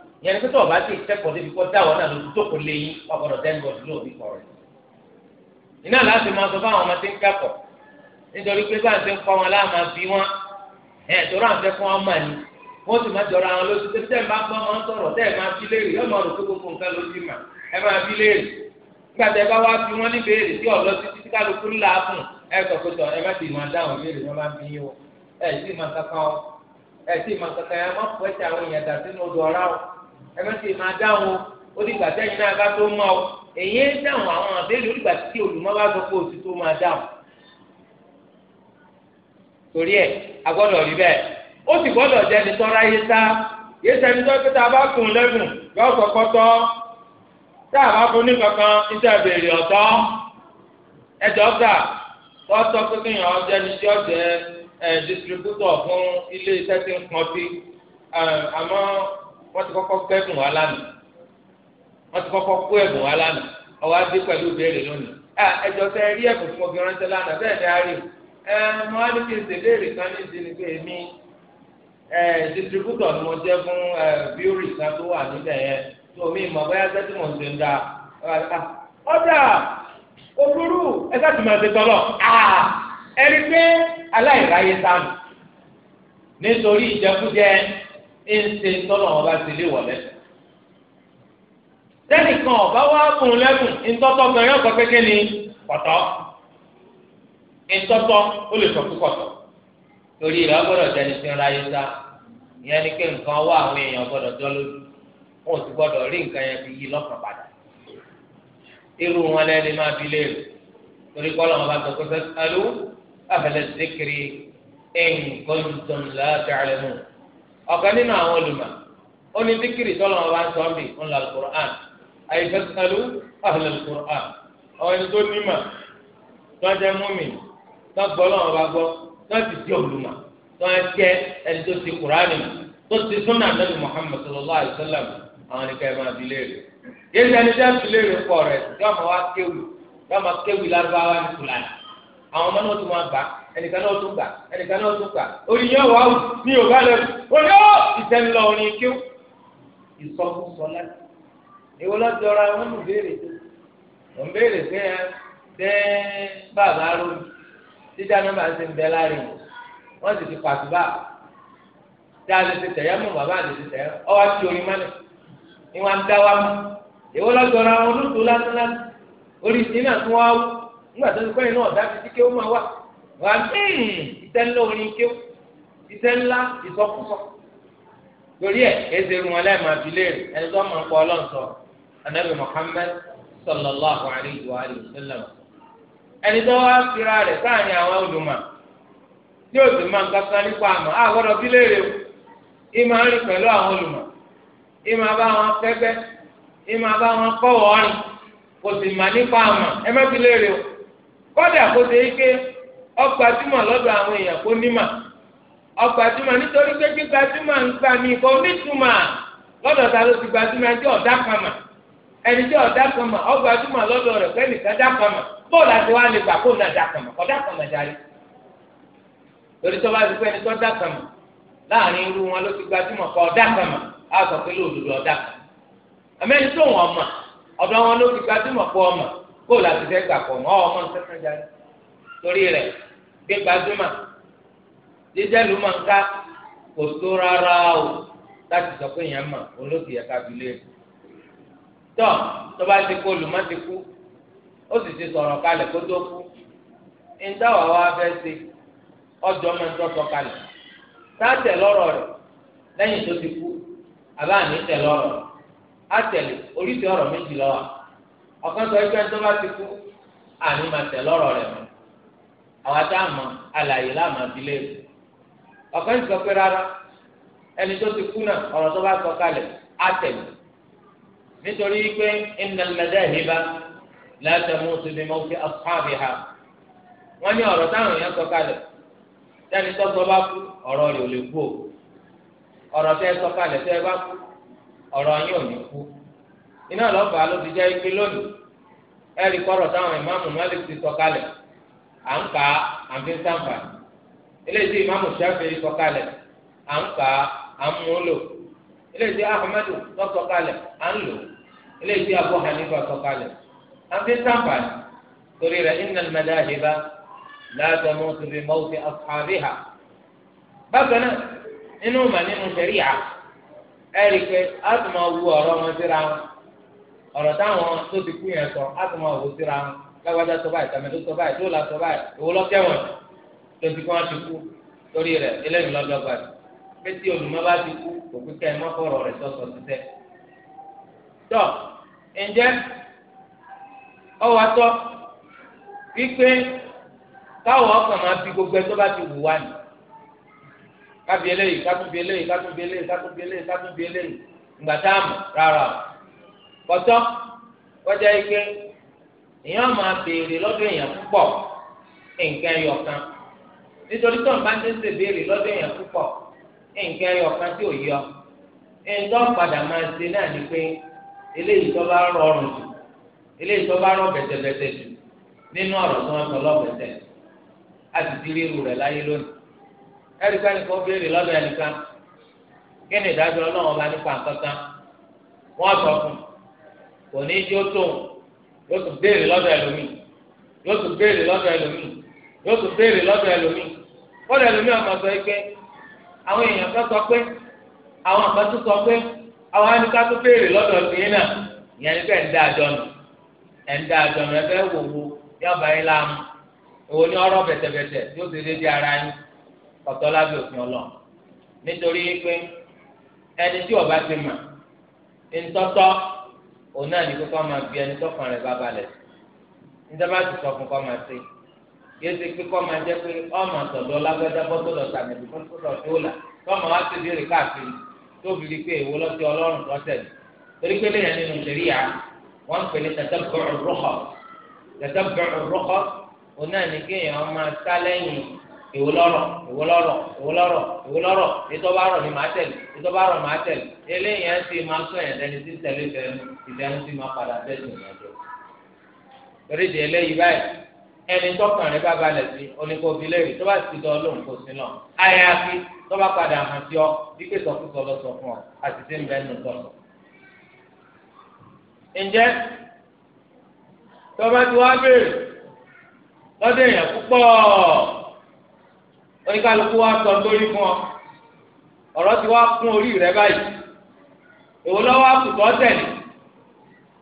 ìyẹn ní pé tọ́ọ̀ bá ti kẹ́kọ̀ọ́ débi kọ́ dáwọ́ náà lójú tó kò lè yín ọgbọ́dọ̀ dẹ́gbọ̀dì lóòbí kọ́ rẹ̀. iná láti máa sọ fáwọn ọmọ tí ń kẹ́kọ̀ọ́ nítorí pé bá ń ṣe ń kọ́ wọn láàmà bí wọn ẹ̀ tọ́rọ àǹfẹ́ fún wọn mà ní wọ́n sì máa jọra àwọn lójú tẹ́ ẹ bá gbọ́ wọn sọ̀rọ̀ tẹ́ ẹ máa fi léèrè ẹ máa rò pé gbogbo nǹkan ló ti mà ẹ máa fi léèrè nígbà tẹ́ ẹ bá wá fi wọ́n ní béèrè tí ọ̀lọ́ títí tí kálukú ńlá fún ẹ sọ pé tọ̀ ẹ má ti máa dáhùn béèrè wọn bá fi yín o ẹ sì máa kankan o ẹ sì máa kankan ẹ má fọ ẹ̀ṣẹ̀ àwọn èèyàn dà sínú odò ọ̀rá o ẹ má sì máa dáhùn ó dìgbà sẹ́yìn náà ká tó eyi ọ́ èyí ń dáhùn àwọn àbẹ́lẹ̀ ó tí olùmọ̀ sọ pé òsì tó máa dáhùn. torí ẹ a gbọ́dọ̀ rí bẹ́ẹ̀ ó sì gbọ́dọ̀ jẹ́ ẹni tọ́ra yé sá yé sẹ́ni tó kíta bá yọ bá fún ní kankan fún ilé iṣẹ́ tí ń wọ́n ti kọ́kọ́ kó ẹ̀bùn wa lánàá wọ́n ti kọ́kọ́ kó ẹ̀bùn wa lánàá ọwọ́ adé pẹ̀lú ìbéèrè lónìí ẹjọ́ tẹ rí ẹ̀bùn fún obìnrin ránṣẹ́ lánàá bẹ́ẹ̀ ni a rí ẹ mo á ní kí n ṣèbéèrè kan ní ìdí ni pé èmi distributor ni mo jẹ́ fún bíórì kan tó wà níbẹ̀ yẹn tó mi mọ̀ bóyá sẹ́tì mọ̀ ṣe ń da ọ̀dà òfurú ẹ sáàtì máa ṣe tọ́lọ̀ ẹni pé aláìráyé sáàmù nítorí ìjẹkújẹ ńṣe tọ́lọ̀ wọn bá ti lé wọ̀ lẹ́sẹ̀. sẹ́nìkan ọ̀bá wá kùn lẹ́kùn ńtọ́tọ́ gan yóò sọ kékeré ní kọ̀tọ́ ńtọ́tọ́ ó lè sọ kúkọ̀tọ̀ torí rẹ̀ ọ gbọ́dọ̀ jẹ́ni tí ń ra yín sá ìyẹn ni pé nǹkan wá àwọn èèyàn gbọ́dọ̀ jọ lójú wọn ò sì gbọ́dọ̀ rí nǹkan yẹn fi yí lọ́kàn padà irú wọn lẹ́ni máa fi léèrè torí kọ́ lọ́wọ́ bá sọ pé fẹ́ alú àfẹlẹ́ zikiri ẹ̀ ń kọ́ mọ́ ọ̀kan nínú àwọn olùmọ̀ ó ní díkìrì tọ́lọ̀ wọn bá ń sọ bí ńlá alukur'an àyẹ̀fẹ́sálú àhùlẹ̀ alukur'an àwọn ẹni tó nímọ̀ tó ń jẹ́ múmi tó gbọ́ lọ́wọ́ bá gbọ́ tó ti di olùmọ̀ tó ń ẹni tó ti kùránì tó ti súnà nàbì Muhammad sallallahu alayhi wa sallam àwọn ẹni kẹ́ẹ̀ máa fi léèrè yéé sani dá fi léèrè pọ̀ rẹ̀ yọ́ọ̀ wá kéwì yọ́ọ̀ kéwì lárúbáwá ní kùlà ẹnìkan náà tún gbà ẹnìkan náà tún gbà orí yẹn wà áwù ní yorùbá lẹ́nu oní ó ìtẹ́nulọ orin kíw ìsọkúsọ láti èwo lọ́dọ̀ ọ̀rọ̀ àwọn ọmọ ìbéèrè tó ò ń béèrè pé ẹ tẹ́ bàbá lórí dídá nọ́mbà ń ṣe ń bẹ láàrin wọ́n sì ti pàṣẹ bá tá a lè ti tẹ̀yẹ́ mọ̀ bàbá lè ti tẹ̀yẹ́ ọ wá sí orin mánà ni wọ́n á dá wa mọ́ èwo lọ́dọ̀ ọ̀rọ̀ àwọn olóòtú lásán lásán orí ìsìn náà tún wá wú nígbà tó ti kọ́ wà míì iṣẹ́ ńlá orin kéw iṣẹ́ ńlá ìsọkúsọ torí ẹ ẹsẹ irun wọn lẹẹma abilé ẹni tó máa ń kọ Ọlọ́run sọ anabi Muhammad sallallahu alayhi wa sallam ẹni tó wá fira àwọn tí o sì máa ń kankan nípa àgọdọ o ìmọ̀ rìn pẹ̀lú àwọn olùmọ̀ ìmọ̀ bá wọn kẹ́gbẹ́ ìmọ̀ bá wọn kọ́ wọ́ọ̀rìn kò sì mà nípa ẹ o kọ́dà ọgbàdúmọ̀ lọ́dọ̀ àwọn èèyàn kó nímà ọgbàdúmọ̀ nítorí pé gbígbàdúmọ̀ ń gbà mí kò nítumọ̀ lọ́dọ̀ ta ló ti gbàdúmọ̀ ẹni tí ọ̀dá kan mà ẹni tí ọ̀dá kan mà ọgbàdúmọ̀ lọ́dọ̀ rẹ̀ pé nìkan dá kan mà lè gbà kó nà kan mà kọ́ kan mà torí tó bá ti pé ẹni tó kan mà láàrin irú wọn ló ti gbàdúmọ̀ kọ́ kan mà á sọ ké gbajúmọ̀ jíjẹ́ ló máa ń ká kò tó rárá o láti sọ pé èèyàn mọ̀ olóògì ẹ̀ka abilé e. tọ́ tó bá ti kó olùmọ̀ ti kú ó sì ti sọ̀rọ̀ kalẹ kó tó kú ìdáwà wa fẹ́ ṣe ọjọ́ máa ń tọ́tọ́ kalẹ̀ sáàtẹ̀ lọ́rọ̀ rẹ̀ lẹ́yìn tó ti kú ti kú àwọn àti àmọ́ àlàyé láàmú abilé ọkàn ìsọ pé rárá ẹni tó ti kú náà ọ̀rọ̀ tó bá sọ kalẹ̀ á nítorí pé innal madahiba la tamutu bi mawti ashabiha wọ́n ní ọ̀rọ̀ táwọn èèyàn sọ kalẹ̀ tó sọ bá kú ò lè kú o sọ bá kú ò ní kú iná à ń kà á ń fi eléyìí tí ìmáàmù Ṣáfi'í kọ kalẹ̀ à ń kà á ń mú lò eléyìí tí Ahmadu tó sọ à ń lò eléyìí tí Abu Hanifa sọ à ń fi torí rẹ̀ la tamutu bi mawti ashabiha bákan náà nínú mà nínú sẹ̀ríà ẹ̀rí pé a a máa wọn. lágbájá sọ báyìí tàmẹdó sọ báyìí tó la sọ báyìí ti kú torí rẹ̀ eléyìí lọdọgba pété olùmọ bá ti kú òkú kẹ ẹ má fọ̀rọ̀ tọ ǹjẹ́ wípé ọkàn máa fi gbogbo ẹ tó bá ti wù wá ni kábi eléyìí eléyìí eléyìí eléyìí eléyìí táàmù rárá èèyàn máa béèrè lọ́dọ̀ èèyàn púpọ̀ nǹkan ẹyọ kan nítorí tó ń bá ti ń ṣe béèrè lọ́dọ̀ èèyàn púpọ̀ nǹkan ẹyọ kan tí ò yọ ẹnìtọ́ padà máa ṣe náà ni pé eléyìí tó bá rọrùn jù bá rọ bẹ̀tẹ̀bẹ̀tẹ̀ nínú ọ̀rọ̀ tó sọ lọ́bẹ̀tẹ̀ a sì ti rí irú rẹ̀ láyé lónìí ẹ̀ríkà nìkan béèrè lọ́dọ̀ kí ni ìdájọ́ bá nípa wọ́n sọ fún kò ní í jó tóun yóò tún béèrè lọ́dọ̀ ẹlòmíì yóò tún béèrè lọ́dọ̀ ẹlòmíì yóò tún béèrè lọ́dọ̀ ẹlòmíì kọ́dọ̀ ẹlòmíì ọmọ sọ pé àwọn èèyàn kan sọ pé àwọn sọ pé àwọn anìká béèrè lọ́dọ̀ ẹlòmíì náà ìyẹn ní bẹ́ẹ̀ ń dá àjọ nù ẹ̀ ń dá àjọ nù wò wo yín láàmú di ara otola nitori ikpe òun náà ní kókó máa bí ẹni tọkàn rẹ bá balẹ̀ níjọba ti sọ fún kọ́ máa ṣe yóò ṣe pé kọ́ máa jẹ́ pé ọmọ àtọ̀dọ̀ lágbájá bọ́ sọ́dọ̀ tàbí bọ́ sọ́dọ̀ tó là tọ́mọ wá sí ìbéèrè káàkiri tó fi di pé èwo lọ́sẹ̀ ọlọ́run lọ́sẹ̀ ni torí pé lẹ́yìn nínú ìṣẹ̀rí yà wọ́n pè ní tẹ̀tẹ̀bẹ̀rù rọ́kọ̀ tẹ̀tẹ̀bẹ̀rù rọ́kọ̀ òun náà ní kéèyàn máa sá ìwò lọ́rọ̀ ìwò lọ́rọ̀ ìwò lọ́rọ̀ ìwò lọ́rọ̀ ìtọ́bárọ̀ ni màá tẹ̀lé ìtọ́bárọ̀ màá tẹ̀lé eléyìí ẹ̀ ń sì máa sọ ẹ̀yàn dẹni tí tẹ̀lé ìfẹ́nu ìfẹ́nu sì máa padà tẹ̀sùn ìyàn jọ. torí di eléyìí báyìí ẹni tọkàn rẹ bá balẹ̀ sí oníkóbi léèrè tó bá ti dán lóhùn kó sí náà ayáfi tó bá padà hàn sí ọ wípé sọkúsọ lọ sọ fún ọ àti tí ń bẹ nù tọ̀ lọ́dẹ̀ èèyàn púpọ̀ oníkálukú wa sọ lórí fún ọ ọ̀rọ̀ ti wá kún orí rẹ báyìí èwo lọ́wọ́ àkùtọ̀ tẹ̀lé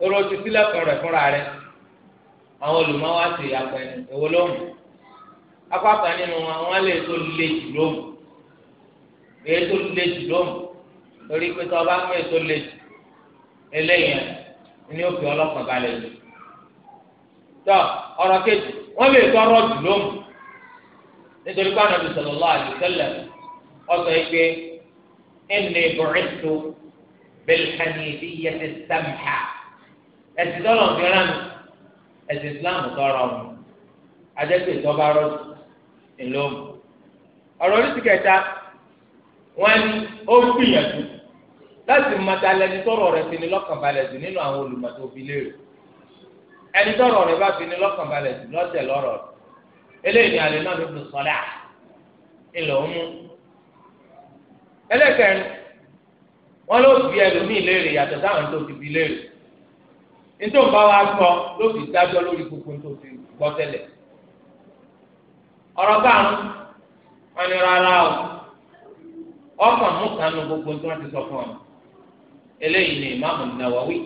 èrò ti sílẹ̀kùn rẹ̀ fúnra rẹ̀ àwọn olùmọ̀ wa ti yàgbẹ́ èwo lóhùn apá kan nínú wọn wọn lè tó lé jù lóhùn èyí tó lé jù lóhùn torí pé tí wọn bá mú èyí tó lé jù eléyìí ni ó fi ọlọ́kàn balẹ̀ jù tọ́ ọ̀rọ̀ kejì wọ́n lè tọrọ jù lóhùn nítorí pé anabi sallallahu alaihi wasallam ọsọ ìgbé ẹnì bọ̀rẹ́tò bẹ́lẹ̀kánì ìdí yẹ ti sàmìhà ẹ̀sìn tọ́lọ̀ ń fẹ́ràn mi ẹ̀sìn islam tọrọ mi adẹ́pẹ̀ tọ́ba rọ́ọ̀dù ńlọ́mù ọ̀rọ̀ oríṣi kẹta wọ́n ní ó ń gbìyànjú láti mọta lẹni tọ́rọ̀ rẹ̀ fi ni lọ́kànbalẹ̀ sí nínú àwọn olùmọ̀tò òbí léèrè ẹni tọ́rọ̀ rẹ̀ bá fi ni lọ́kànbalẹ̀ sí lọ́tẹ̀ lọ́rọ̀ rẹ̀ eléyìí ni alẹ́ náà ló dùn sọ́lá ńlọ mú ẹlẹ́kẹ̀rin wọn ló fi ẹlòmíì léèrè yàtọ̀ sáwọn tó ti fi léèrè nítorí bá wa gbọ́ ló fi dájọ́ lórí gbogbo tó ti gbọ́ tẹ́lẹ̀ ọ̀rọ̀ bá wọn ni rárá o ọkàn mú kánú gbogbo tí wọn ti sọ fún ọ eléyìí ni ìmáàmù Nawawi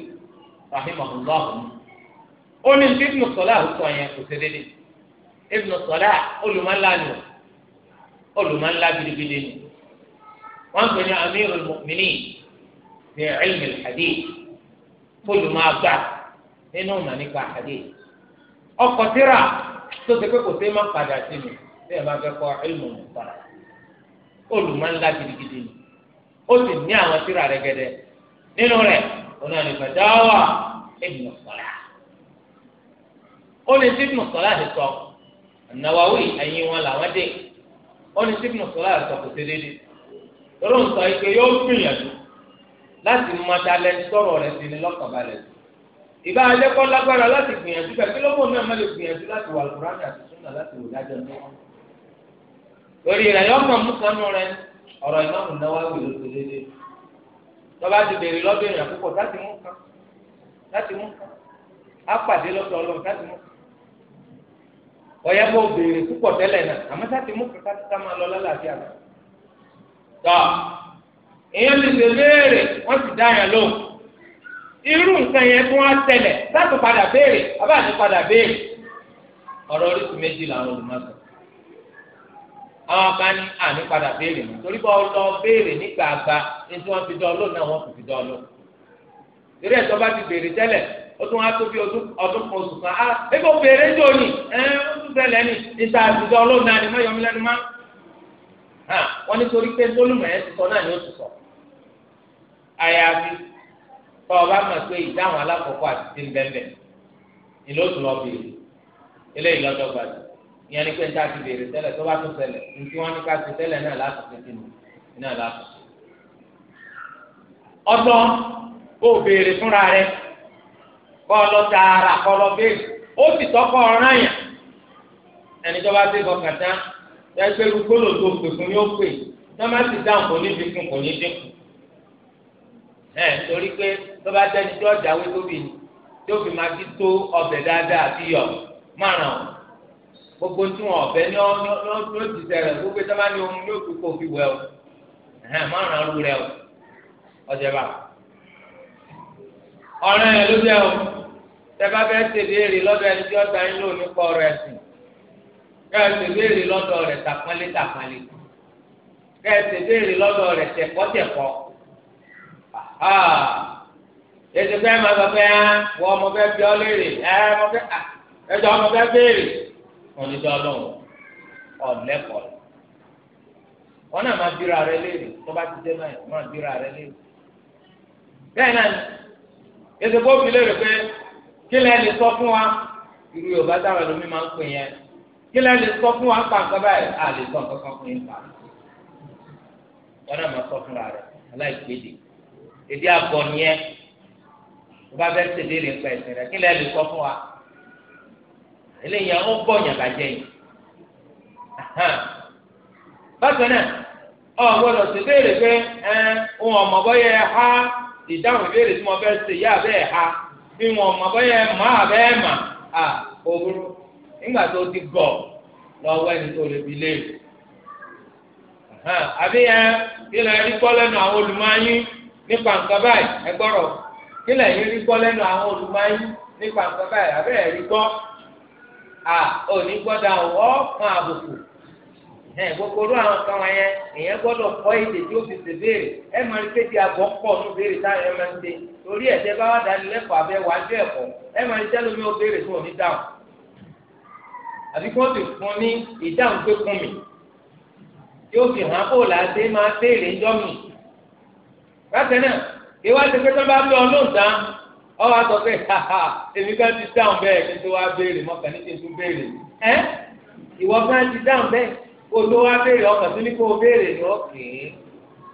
rahimahullah ó ní bíbí mùsọlá àwùjọ yẹn kò ṣe déédéé. Ibn Salah olùmọ̀lá ni olùmọ̀lá gidigidi ni wọ́n pè ní Amirul Mu'minin ní ilmi al-hadith olùmọ̀gbà nínú ìmọ̀ nípa hadith tíra tó ti pé kò sí máa padà sí mi bí ẹ bá gidigidi ni ó sì ní àwọn tíra nínú ó Nawawi ẹ̀yìn wọn làwọn dé wọn ní sígùn sọlá àtọkù sí dédé lọ́rọ̀ ń sọ ike yóò gbìyànjú láti mọta lẹni sọ̀rọ̀ rẹ̀ sí ni lọ́kànbalẹ̀ ìbá ajẹ́kọ́ lágbára láti gbìyànjú bẹ́ẹ̀ kí ló mọ̀ náà má lè gbìyànjú láti wà lùkùránì àti súnà láti wò dájọ́ ní wọn. lórí rẹ̀ yọ ọmọ mùsànù rẹ̀ ọ̀rọ̀ ìmáàmù Nawawi ló ti dédé tọ́ba ti béèrè lọ́dọ̀ èèyàn púpọ̀ láti mú kan láti mú kan á pàdé lọ́dọ̀ ọlọ́run láti mú kan ọ̀yẹ́ kó béèrè púpọ̀ tẹ́lẹ̀ náà àmọ́ sáà ti mú kàkà kíkà máa lọ lálàáfíà náà. tọ́ èèyàn ti ṣe béèrè wọ́n ti dá yàn lóhùn irú nǹkan yẹn tó wá tẹ̀lẹ̀ sáàtò padà béèrè àbá àti padà béèrè ọ̀rọ̀ oríṣi méjì làwọn olùmọ̀sọ̀ àwọn kan ní àní padà béèrè mọ́ torí bá ọ lọ béèrè nígbà àgbà ní tí wọ́n fi dán ọ lóhùn náà wọ́n fi dán ọ ó tún wá tó bí ọdún kan oṣù kan á ah, ebi òfèrè jò ní ẹ ó tún ṣẹlẹ̀ ní ìta àtijọ́ ọlọ́run náà ni má yọmí lẹ́nu má wọ́n nítorí pé gbólùmọ̀ ẹ̀ ti sọ náà ni ó ti sọ àyàfi tọ́ ọ bá mọ̀ pé ìdáhùn alákọ̀ọ́kọ́ àti ti ń bẹ́ẹ̀ ìlú òtún lọ bèèrè eléyìí lọ́jọ́ gbàdú ìyẹn ni pé ń tá a ti bèèrè tẹ́lẹ̀ tó bá tún ṣẹlẹ̀ nítí wọ́n ní ká ti tẹ́lẹ̀ náà láti fi kí ni náà láti fi. ọ̀dọ́ ó béèrè fúnra rẹ̀ kọ́ lọ tààrà kọ́ lọ béèrè ó sì tọ́kọ̀ ọ̀ràn yàn ẹni tó bá dé bọ̀kàn tán ẹgbẹ́ gbólò tó pè fún yóò pè tó má sì dáhùn kò ní fi kún kò ní dínkù ẹ torí pé tó bá tó ọjà wí ni tó fi fi tó dáadáa gbogbo tí ọbẹ ní gbogbo tí wọn bá ní o márùn rẹ o o. tẹ́bá fẹ́ ṣèbéèrè lọ́dọ̀ ẹni tí ọ̀tá ń lò nípa ọ̀rọ̀ ẹ̀sìn kẹ́ẹ̀ ṣèbéèrè lọ́dọ̀ rẹ̀ tàpọ́nlé tàpọ́nlé kẹ́ẹ̀ ṣèbéèrè lọ́dọ̀ rẹ̀ tẹ̀kọ́tẹ̀kọ́ ètò fẹ́ máa sọ pé wọ́n ọmọ fẹ́ bí ọ léèrè ẹjọ́ ọmọ fẹ́ béèrè wọn ọ̀lẹ́kọ̀ọ́ wọn náà máa bíra rẹ léèrè tó bá ti dé báyìí máa bíra rẹ léèrè bẹ́ẹ̀ náà ètò kí lẹ́ lè sọ fún wa irú yorùbá táwọn ẹlòmíín máa ń pè yẹn kí lẹ́ lè sọ fún wa ń pa nǹkan báyìí à lè sọ nǹkan kan fún yín pa wọn náà máa sọ fúnra rẹ aláìgbèdè èdè àgọ nìyẹn tó bá fẹ́ ṣèdè lè pa ẹ̀sìn rẹ kí lẹ́ lè sọ fún wa eléyìí ó ń bọ̀ yàn bàjẹ́ yìí bákan náà ọ gbọ́dọ̀ ṣèbéèrè pé ẹ ohun ọmọ bọyẹ ha ìdáhùn ìbéèrè tí mo fẹ́ ṣe yá bẹ́ẹ̀ ha. bí wọn mọ bóyá ẹ mọ àbẹ ẹ mà á òwúrò nígbà tó ti gọ̀ lọ́wọ́ ẹni tó lè bi léèrè àbí ẹ kílẹ̀ rí gbọ́ àwọn olùmọ̀ọ́yìn nípa nǹkan báyìí ẹ gbọ́rọ̀ kílẹ̀ yín rí gbọ́ àwọn báyìí àbẹ́ ẹ gbogbo olú àwọn kan wọn yẹn èèyàn gbọ́dọ̀ kọ́ èdè tí ó fi ṣe béèrè ẹ máa rí ní béèrè ẹ máa ń ṣe torí ẹ̀jẹ̀ bá wà dání lẹ́kọ̀ọ́ abẹ́ jẹ́ ẹ̀kọ́ ẹ máa rí sẹ́lómi béèrè fún òní dáhùn àbí kí fún mi tí ó fi hàn kó mi bákan náà kí wọ́n ti bá bí ọlọ́run ọ wá sọ pé èmi kó tó wá béèrè ọkàn tó ní o béèrè ní ọkìn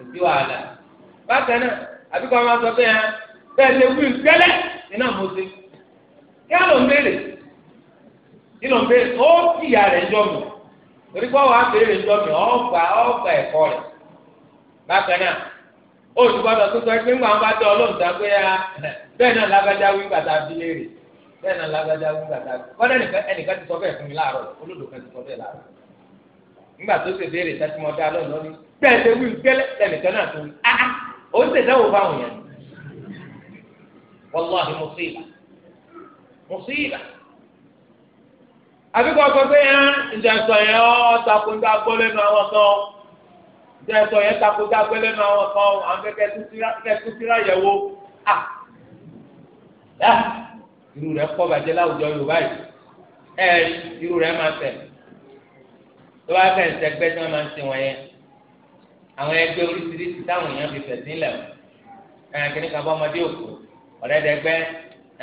òbí wàhálà bákan náà àbí kó a máa sọ pé ẹ ah, bẹ́ẹ̀ ṣe wí gẹ́lẹ́ iná mo ṣe kí á lọ ń béèrè kí lọ ń béèrè ó kìyà rẹ̀ jọ mi torí kó wàá béèrè jọ mi ọgbà ọgbà ẹ̀kọ́ rẹ̀ bákan náà ó ti tó sọ pé ńgbà wọn bá tẹ pé ah, bẹ́ẹ̀ náà lágbájá wí nígbà tó ṣe béèrè sẹ́tí mọ́ dá lọ́nà ní tẹ̀lé wíwú gẹ́lẹ́ tẹ̀lẹ́tẹ̀ náà tó ní áá ah, ah, ó ṣe dáwọ́ fáwọn yẹn wàláhi mùsíbà mùsíbà àbíkọ́ ọkọ̀ pé ẹ́ ìjẹ̀sọ̀ yẹn ọ́ takunjá gbọ́ lẹ́nu àwọn kan ìjẹ̀sọ̀ yẹn takunjá gbọ́ lẹ́nu àwọn kan àwọn kẹ́kẹ́ tútúrà yẹ̀wò à ah, irú rẹ̀ kọ́ bàjẹ́ láwùjọ Yorùbá yìí ẹ̀ irú rẹ̀ máa tẹ̀lé. tó bá fẹ́ ìṣẹ́gbẹ́ tí wọ́n yẹn àwọn ẹgbẹ́ oríṣiríṣi táwọn èèyàn fi fẹ̀sí ńlẹ̀ ẹ̀ kìnnì kan ọmọdé òkú ọ̀rẹ́dẹ̀gbẹ́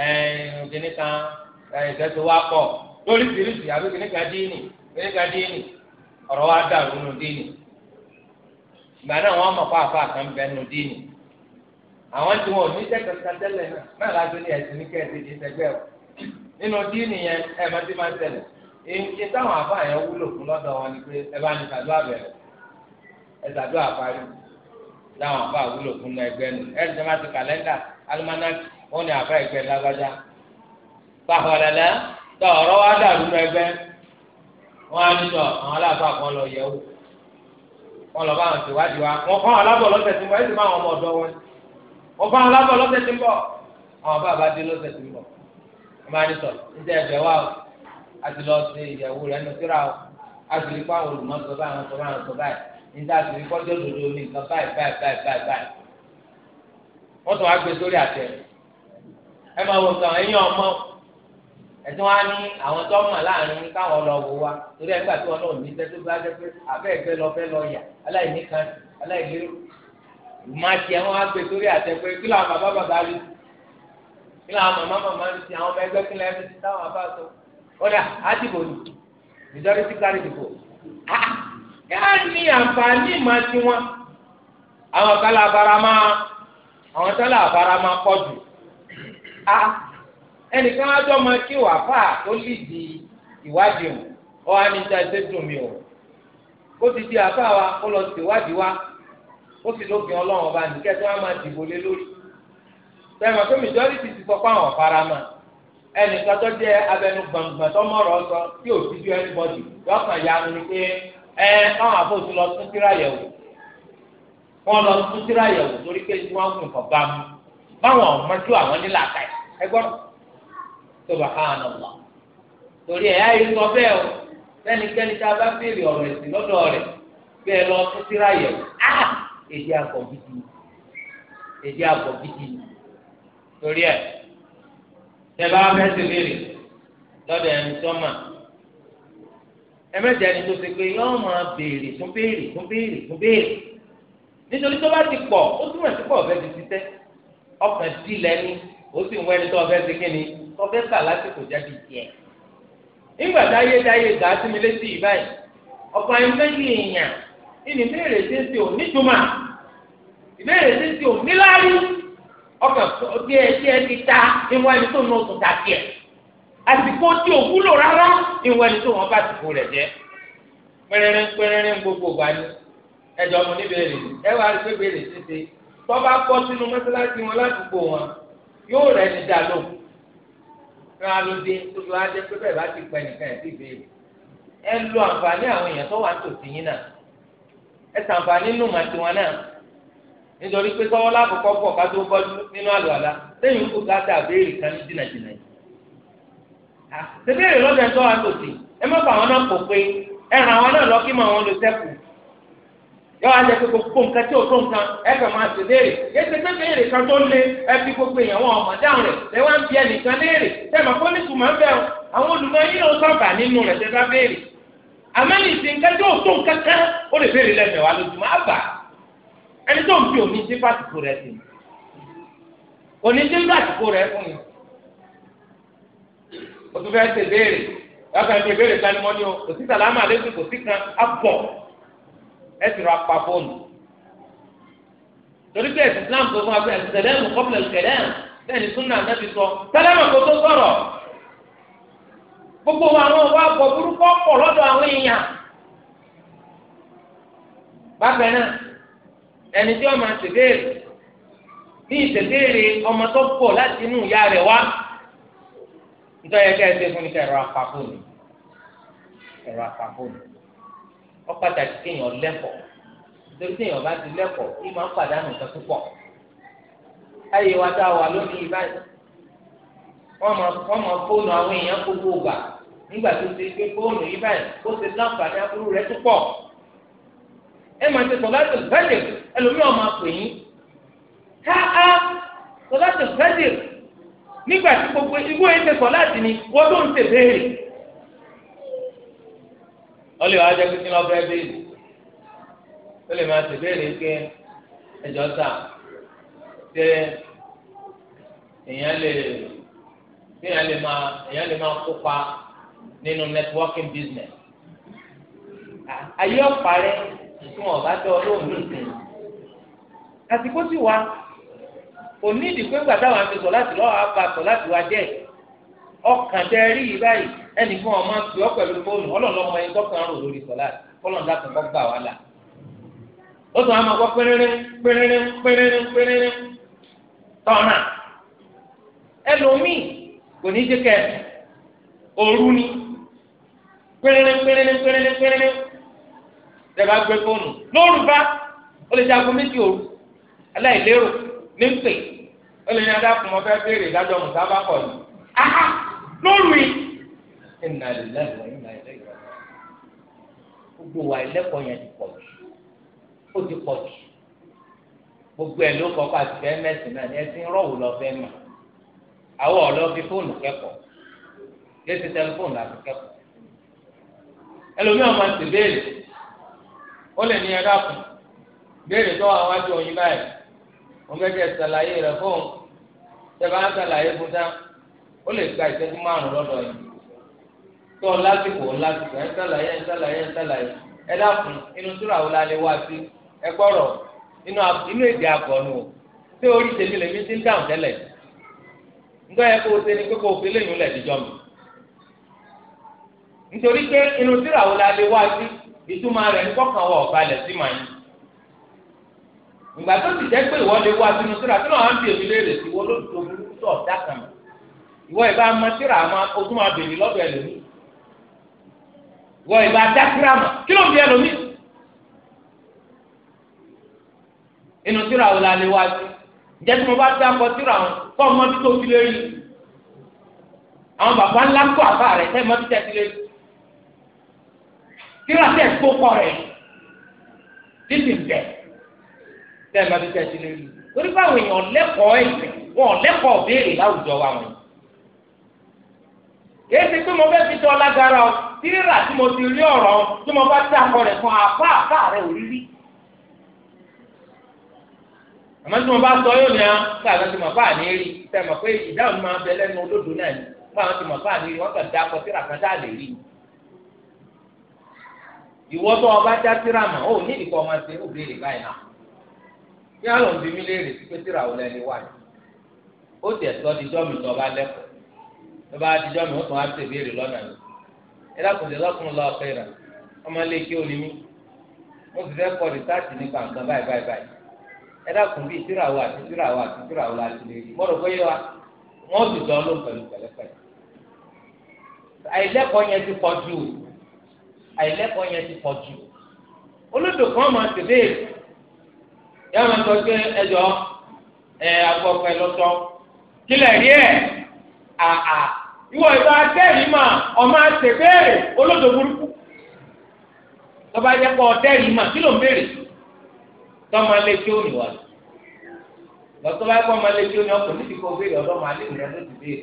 ẹ̀ kìnnì kan tó wá pọ̀ lóríṣiríṣi àbí kìnnì kan ọ̀rọ̀ wa dàrú nù ìgbà náà wọ́n àwọn tí wọn ò ní náà èyí táwọn àbá yẹn wúlò fún lọ́dọ̀ wọn ni pé ẹ bá ní tàdó àbẹ̀rẹ̀ ẹ tàdó àparí táwọn àbá wúlò fún ní ẹgbẹ́ nù ẹ ti máa ti kàlẹ́ndà alimanaki wọn ni àbá ẹgbẹ́ lágbájá pàfọ̀lẹ́lẹ́ tọ ọ̀rọ̀ wa dàrú ní ẹgbẹ́ wọn á nílò àwọn aláàbà kan lọ yẹ̀ wò wọn lọ bá wọn ṣèwádìí wa wọn fọ́n alábọ̀ lọ́sẹ̀ tí ń bọ̀ ẹ sì máa wọn mọ̀ ọ̀dọ́ wọn wọn fọ́n alábọ̀ lọ́sẹ̀ àti lọ ìyàwó rẹ̀ ẹnu síra o àti rí sọ báyìí òdodo nǹkan báyìí báyìí báyìí báyìí báyìí tún wá gbé sórí àtẹ ẹ máa wọ nǹkan ọmọ ní àwọn tó láàrin káwọn lọ wò wá torí ẹgbà tí wọn náà ní iṣẹ́ tó bá jẹ́ pé lọ fẹ́ lọ yà aláìní kan aláìlérò má tiẹ̀ wọn á gbé sórí àtẹ pé kí làwọn ọ̀dà àdìbò ni majority carry the vote. Ah, yáà ní àǹfààní máa ti wọn àwọn kálá abara máa àwọn kálá abara máa pọ̀ jù. Ah, ẹnìkan á jọ máa kí wàhálà tó lì di ìwádìí o ọ á ní ta ẹsẹ dùn mí o ó ti di àbá wa ó lọ ṣèwádìí wa ó sì lófin ọlọ́run ọba nìkẹ́ tí wọ́n á máa dìbò lé lórí. bẹ́ẹ̀ mọ̀ pé majority ti sọ pé àwọn máa. ẹnìkan tó jẹ abẹnú gbọ̀ngbọ̀n tó mọ̀rọ̀ sọ tí ò síjú ẹni bọ́dì ya ni pé ẹ ọ̀hún àbòsí lọ tún tíra yẹ̀wò wọn lọ tún tíra yẹ̀wò torí pé wọn kún mu báwọn ọmọdé àwọn nílà ká ẹ ẹ gbọ́dọ̀ tó bá ká àná lọ torí ẹ ayé sọ bẹ́ẹ̀ o sẹ́nikẹ́ni a bá bí ẹ lọ tún tíra á tẹ̀bá fẹ́ sí léèrè lọ́dọ̀ ẹni tó mà ẹ̀mẹ́jẹ ni tó ṣe pé yọ́n máa béèrè tún béèrè tún béèrè tún béèrè nítorí tó bá ti pọ̀ ó túmọ̀ sí pọ̀ ọ̀fẹ́ ti ti tẹ́ ọkàn dì lẹ́ni ó sì ń wẹ́ni tó ọ̀fẹ́ ti kí ni ọ̀fẹ́ kà lásìkò jáde tiẹ̀ nígbà táyé táyé gàá sí mi létí yìí báyìí ọ̀pọ̀ ayé méjì èèyàn ìní béèrè tí ń ṣe òní jùmọ̀ ìbéèrè tí ń ṣe òní láárí ọkàn bí ẹ bí ẹ ti ta ìwọ ẹni tó nù oṣù ta tiẹ̀ àsìkò tí ò wúlò rárá ìwọ ẹni tó wọn bá àsìkò rẹ̀ jẹ́ pẹrẹrẹ pẹrẹrẹ gbogbo gbà ní ẹjọ ọmọ níbẹ̀rẹ̀ ẹ wá rí pébèrè títí tọ́ba kọ́ sínú mọ́sálásí wọn ládùúgbò wọn yóò rẹ̀ ní dà lóhùn rán alóde tó fi wá jẹ́ pé bẹ́ẹ̀ bá ti pẹ́ nìkan ẹ̀ sì béèrè ẹ lo àǹfààní àwọn èèyàn tó wà tòsí yín náà ẹ ṣàǹfààní nù màtí wọn náà nítorí pé sọ́wọ́ lákòókò pọ̀ ká tó bọ́jú nínú àlùwàlá lẹ́yìn ikú ká tà béèrè kan ní jìnnà jìnnà yìí. àtẹ̀bẹ̀rẹ̀ lọ́dẹ tó wà tòsí ẹ má bà wọn náà pò pé ẹ̀ràn àwọn náà lọ kí mà wọn lọ sẹ́kù. yọ àjẹ pé gbogbo nǹkan tí ò tó nǹkan ẹ kàn máa ṣe léèrè yéṣe pé béèrè kan tó lé ẹ fi gbogbo ìyàwó ọmọ dáhùn rẹ lẹ wá ń bi ẹnìkan léèrè tẹmọ kó ní tùmọ̀ ń bẹ̀ àwọn olùmọ̀ yìí ló sábà nínú rẹ̀ tẹ bá béèrè àmọ́ nìsín nǹkan tí ò tó nǹkan kan ó lè béèrè lẹ́mẹ̀wá ẹni tó ń fi òní sí pàtìkù rẹ sí òní sí pàtìkù rẹ fún yàn o tún fẹ́ ṣe béèrè yàtọ̀ ẹni béèrè kan ni mo o kò sí sàlámà lẹ́sìn kò sí kan á bọ̀ ẹ sì rọ apá fóònù torí pé ẹ̀sìn Islam tó fún wa pé ẹ̀sìn sẹ̀lẹ̀mù kọ́pìlẹ̀ sẹ̀lẹ̀mù bẹ́ẹ̀ ni súnà náà ti sọ sẹ̀lẹ̀mù kò tó sọ̀rọ̀ gbogbo àwọn ọba àpọ̀ burúkú ọ̀pọ̀ lọ́dọ̀ àwọn èèyàn bákan náà. ẹni tí ọmọ àtẹ̀bẹ́rẹ̀ ní ìtẹ̀bẹ́rẹ̀ ọmọ tó pọ̀ láti inú ìyá rẹ̀ wá nítorí ẹgbẹ́ ẹgbẹ́ fún mi kẹ́ ẹ̀rọ apàfóònù ẹ̀rọ apàfóònù ó lẹ́kọ̀ọ́ nítorí bá lẹ́kọ̀ọ́ kí pàdánù nǹkan púpọ̀ ayé wa tá a wà lónìí báyìí wọ́n fóònù àwọn èèyàn gbogbo nígbà tó ti gbé fóònù yìí báyìí ẹ máa ṣe sọláṣẹ fẹdìr ẹlòmíràn máa pè yín ká á sọláṣẹ fẹdìr nígbà tí gbogbo ìwé ẹ ṣe sọláṣẹ ni wọn tó ń ṣe béèrè ọlẹ́ wàá kí ni wọ́n fẹ́ béèrè ó lè máa ṣe béèrè pé ẹjọ́ sà ṣé èèyàn lè èèyàn lè máa èèyàn lè máa kópa nínú networking business àyè ọ̀parẹ́. tí ọba bá lóhùn nìkan àsìkò sì wá òní ìdìpé wa ti sọ láti lọ́wọ́ apá sọ láti wá jẹ́ ọkàn tẹ ọ pẹ̀lú fóònù tọ́kàn rò lórí sọ láti kọ́ gbà ó tún tọ́nà ẹlòmíì kò ní jẹ́ òru ni tẹ́lá gbé fóònù lóru bá ó lè jagun méjì òru aláìlérò ní pè ó lè ní adákùn mọ́ fẹ́ béèrè ìdájọ́ mùsáfà kọ̀ ní. aha lóru yìí ìnà ìlẹ́ ìlẹ́ ìlẹ́ gbogbo wa ìlẹ́kọ̀ọ́ yẹn ti pọ̀ jù ó ti pọ̀ jù gbogbo ẹ̀ ló kọ́kọ́ àti fẹ́ mẹ́sìn náà ẹ ti ń rọ̀wù lọ fẹ́ mà àwọn ọ̀lọ́ fi fóònù kẹ́kọ̀ọ́ yé ti tẹlifóònù láti kẹ́kọ̀ọ́ ẹlòmíràn máa ti béèrè ó lè ní ẹ̀dá kù béèrè tó àwọn àjọ yín báyìí wọ́n fẹ́ ṣàlàyé rẹ̀ fóun tẹ̀bá ń ṣàlàyé fún tán ó lè gba ìṣẹ́jú márùn lọ́dọ̀ yìí tó lásìkò lásìkò ẹ̀ ṣàlàyé ẹ̀ ṣàlàyé ẹ̀ ṣàlàyé ẹ̀dá kù inú túrà wo la lè wá sí ẹ gbọ́rọ̀ inú èdè o tí orí tèmi lèmi ti ń dáhùn tẹ́lẹ̀ ni pé kó o fi ìtumọ̀ rẹ̀ ní kọ́kàn wọ̀ balẹ̀ sí màá yìí ìgbà tó ti jẹ́ pé ìwọ́de wá sínú síra tí wọ́n á ń bí èmi léèrè sí wọ́n lóṣù tó ọ̀dà kan ìwọ ìbá mọ síra máa o tún máa bèrè lọ́dọ̀ ẹlòmíì ìwọ ìbá dá síra mọ̀ kí ló ń bí ẹlòmíì inú síra wo la lè wá sí ǹjẹ́ tí mo bá dá kọ síra wọn kọ́ ọmọdé tó ti lé rí àwọn bàbá ńlá kó àbá rẹ̀ tẹ́ mọ́tí tẹ́ ti lé kíra tẹ̀ tó kọ rẹ̀ títí ń bẹ̀ tẹ́ ẹ bá ti tẹ̀sí lórí orí báwọn èèyàn lẹ́kọ̀ọ́ ẹ̀sìn wọn lẹ́kọ̀ọ́ béèrè láwùjọ wa wọn. kìí ṣe pé mo fẹ́ fi tọ́ lágara o kíra tí mo ti rí ọ̀rọ̀ tí mo bá tẹ́ akọ rẹ̀ fún àpá àpá rẹ̀ òrírí. àmọ́ tí mo bá sọ yóò ní a kí àwọn ti mọ̀ fáà ní rí tẹ́ mọ̀ pé ìdáhùn máa bẹ lẹ́nu olódò náà ni fáwọn ti mọ̀ fáà ní rí wọ́n kàn dá akọ síra kan dáà lè rí ni. ìwọ tó ọba já tíra Mọ ó ní ìdíkọ̀ ọmọ ṣe ó béèrè báyìí náà kí á lọ bí mi léèrè sí pé tíra sọ mi ọba lẹ́kọ̀ọ́ tó bá díjọ́ mi ó tún á ṣe béèrè lọ́nà mi ẹ lọ́kùnrin lọ́ọ́ fẹ́ rà ọmọ ilé kí mo fẹ́ kọ́ báyìí báyìí báyìí ẹ dákun bíi tíra àti tíra àti tíra lè rí mọ́rọ̀ àìlẹ́kọ̀ọ́ yẹn ti pọ̀ jù olódò kan máa tètè yà máa sọ pé ẹjọ́ ẹ agbọ̀pẹ lọ́tọ́ kílẹ̀ rí ẹ̀ àà ìwọ ìbá tẹ́rì mà ọmọ tètè olódò burúkú tọ́ba jẹ́ pọ̀ tẹ́rì mà kí ló ń béèrè tọ́mọ alẹ́ tí ó nìwà lọ́tọ́ bá kọ́ ọmọ alẹ́ tí ó ní ọkùnrin ti kó béèrè ọ̀dọ́ ọmọ alẹ́ ìrẹ́ ló ti béèrè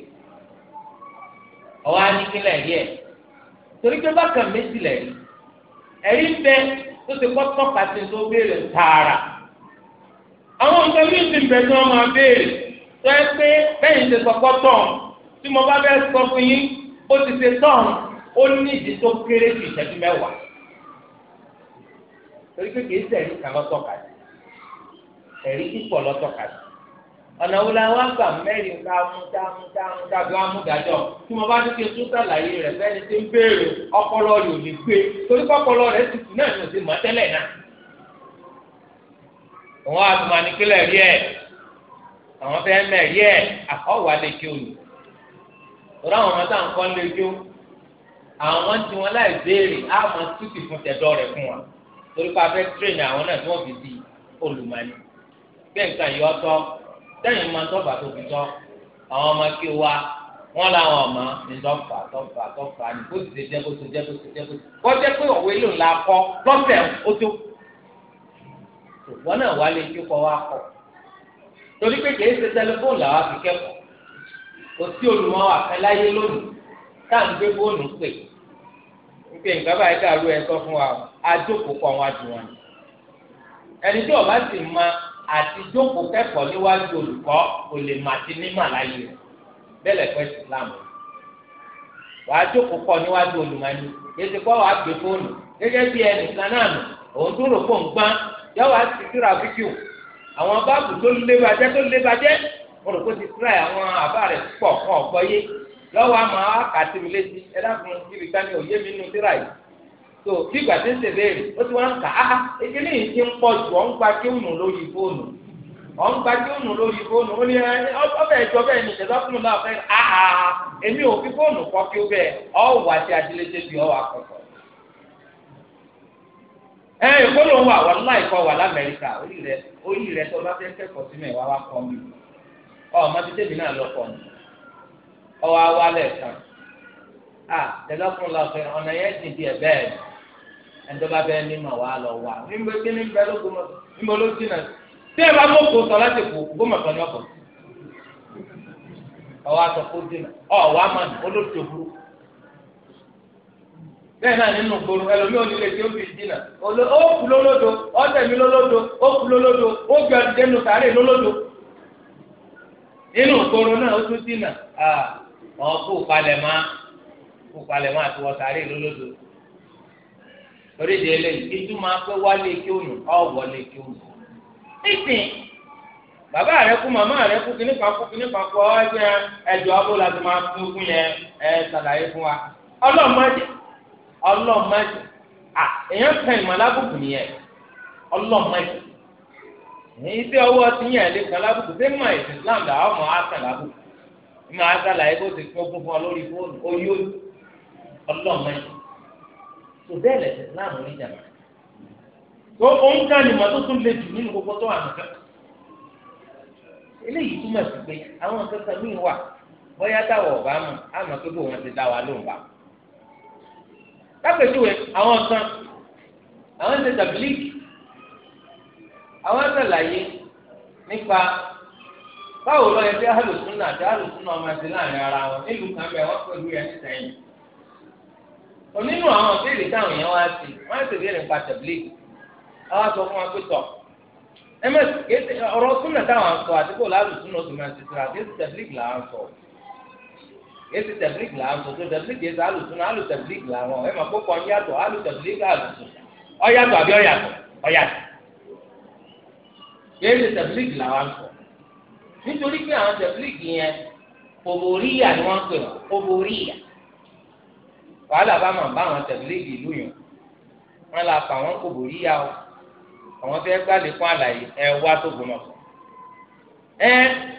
ọwọ́ á ní torí pé bákan méjì lẹ̀ rí ẹ̀rí ń bẹ tó ti kọ́ tọ́ka sí tó béèrè tààrà àwọn nǹkan bí ìsìn bẹ̀ tí wọ́n máa béèrè tó ẹ pé bẹ́ẹ̀ ń ṣe sọ́kọ́ tán tí mo bá bẹ́ẹ̀ sọ fún yín ó ti ṣe tán ó ní ìdí tó kéré ju ìṣẹ́jú mẹ́wàá torí pé kìí sẹ̀rí kan lọ́tọ̀ka sí ẹ̀rí kíkọ̀ lọ́tọ̀ka sí ọ̀nà wo la wá gbà mẹ́rin ká mú ká mú ká mú ká bí wọ́n mú dájọ́ tí mo bá ní kí n tún sàlàyé rẹ̀ fẹ́ni tí ń béèrè ọpọlọ rẹ̀ ò lè gbé torí pọ́pọlọ rẹ̀ ti kùn náà ní òsè mọ́ tẹ́lẹ̀ náà. àwọn àtùmọ̀ rí ẹ̀ àwọn fẹ́ mẹ́rí ẹ̀ àkọ́wà lè kí òní. rọ àwọn ọmọ tá à lè jó àwọn tí wọn láì béèrè á mọ tútù fún tẹ̀dọ́ rẹ̀ fún wa torí pé a fẹ́ tírèèni àwọn náà tí wọ́n fi di olùmọ̀ni sẹ́yìn máa tọ́fà tó fi tọ́ àwọn ọmọ kí wa wọ́n làwọn ọmọ ní tọ́fà tọ́fà tọ́fà ní kó ti jẹ́ kó ti jẹ́ kó ti jẹ́ kó ti kọ́ jẹ́ pé òwe ló la kọ́ lọ́sẹ̀ ó tó wọn náà wá lé kí kọ́ wa kọ́ torí pé kìí ṣe tẹlifóònù làwọn fi kẹ́kọ̀ọ́ kò sí olùmọ̀ àfẹ́láyé lónìí tá à ń gbé fóònù pè pé nǹkan báyìí dàrú ẹ sọ fún wa àjókòó kọ́ wọn ẹni tí ọba sì máa àti jókòó kẹ́kọ̀ọ́ níwájú olùkọ́ kò lè má ti ní màláyé rẹ̀ bẹ́lẹ̀ fẹ́ islam wàá jókòó kọ́ níwájú olùmọ̀ẹ́ni yéésì kọ́ wàá gbé fóònù gẹ́gẹ́ bí ẹnìkan náà nù òun dúró fóun gbọ́n yọ wàá ti dúró àfikún àwọn báàbù tó lé bàjẹ́ tó lé bàjẹ́ mo rò pé ti tíra àwọn àbá rẹ̀ pọ̀ fún ọ̀gbọ́yé lọ́wọ́ àmọ́ àkàtì mi létí ẹ dákun ibi ká ní òye mi nù tíra yìí tó bí ìgbà tí ń ṣèbéèrè ó ti wá ń kà á ekele yìí ti ń pọ̀ jù ọ̀ ń gba kíwùnù lórí fóònù ọ̀ ń gba kíwùnù lórí fóònù ó ní ọbẹ̀ ìjọ bẹ́ẹ̀ ní ìjọba fún mi náà fẹ́ àhà èmi ò fi fóònù kọ́ kí ó bẹ́ẹ̀ ọ̀ wà sí adílété bí wà kọ̀kọ̀. ẹ èkó ló ń wà wà orí rẹ orí rẹ tó ẹnitọba bẹ mímọ wa lọ wa nígbà tí ní bẹ ló gbọmọ nígbà ló ti nà tí sọ láti kú gbọmọ sọ ní ọkọ ọwọ aṣọ kó ti nà bẹ́ẹ̀ náà nínú gbòòrò ó fi ó kú lólódo ọ̀sẹ̀ mi lólódo ó kú lólódo ó lólódo gbòòrò náà ó tún ọ̀ orí ìdè eléyìí ìtú máa pẹ́ wálé kí ó ọ ọ́ wọlé kí ó bàbá rẹ kú màmá rẹ kú kíní kan kú kíní kan ọ abó la ti máa fún fún yẹn ẹ ṣàlàyé fún wa ọlọ́mọdé ọlọ́mọdé à èèyàn nìyẹn ọlọ́mọdé ọwọ́ ti yàn lé mọ̀ Islam dà ìmọ̀ ti fún fún ọ tó bẹ́ẹ̀ lẹ́sẹ̀ láàmú ní ìjàmbá tó òun ká ni màá tó tún lè jù nínú gbogbo tó àmì kan eléyìí túmọ̀ sí pé àwọn akẹ́kọ̀ọ́ míì wà bóyá táwọ̀ ọ̀bá mọ̀ àmọ́ pé ti dá wa àwọn kan àwọn tàbílíkì àwọn ṣàlàyé nípa báwo ara wọn nílùú kan bẹ́ẹ̀ wọ́n pẹ̀lú ẹ̀ onínú àwọn béèrè táwọn yẹn wá sí wọn á sì béèrè nípa tẹ̀blé àwọn sọ fún wa pé tọ̀ ẹ mẹ ọ̀rọ̀ súnà táwọn sọ àdúgbò láàrú súnà oṣù máa ń tètè rà kéésì tẹ̀blé là ń sọ kéésì tẹ̀blé là ń sọ tó tẹ̀blé kéésì àlù súnà àlù tẹ̀blé là wọn ẹ mọ̀ kókò ọ̀yàtọ̀ àlù tẹ̀blé àlù súnà ọ̀yàtọ̀ àbí ọ̀yàtọ̀ ọ̀yàtọ̀ kéésì tẹ̀blé là wọn sọ nítorí pé àwọn tẹ̀blé yẹn òbòríyà ni wọ́n pè wọ́n òbòríyà wàhálà bá máa bá àwọn tẹ̀bílẹ́ẹ̀dì ìlú yàn wọn là fà wọn kò bòrí yá o àwọn fẹ́ gbàlè fún àlàyé ẹ wá tó gbọmọ sọ ẹ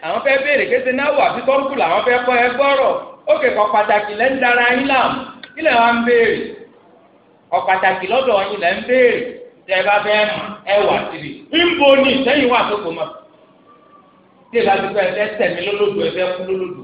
àwọn fẹ́ béèrè kéde náwó àti tọ́ǹkù làwọn fẹ́ kọ́ ẹ gbọ́rọ̀ ó kẹ́kọ̀ọ́ pàtàkì lẹ́ ń dara yín láàmú ilẹ̀ wa ń béèrè ọ̀pàtàkì lọ́dọ̀ yín lẹ́ ń béèrè tẹ́ ẹ bá fẹ́ mọ̀ ẹ wà síbi ńbo ni ìsẹ́yìn wà tó gbọmọ tí ìlànà ìgbà ẹ fẹ́ tẹ̀mí lólódò ẹ fẹ́ kú lólódò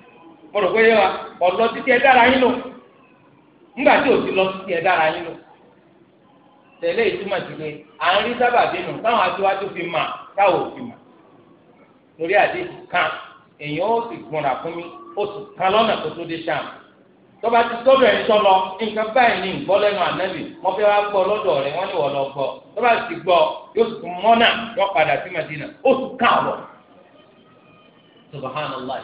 mo rò pé wa ọ̀lọ́ títí ẹ dára yín lò ńgbà tí ò ti lọ títí ẹ dára yín lò tẹ̀lé ìtumọ̀ sí à ń rí sábà bínú fi mà táwọn mà torí kan èèyàn ó sì gbọ́nra fún mi ó sì kan lọ́nà tó tó dé tọ́ba ti báyìí ní ìgbọ́ lẹ́nu ànábì fẹ́ wá gbọ́ lọ́dọ̀ rẹ̀ wọ́n ní wọ́n lọ gbọ́ tọ́ba ti gbọ́ yóò sì lọ. subahana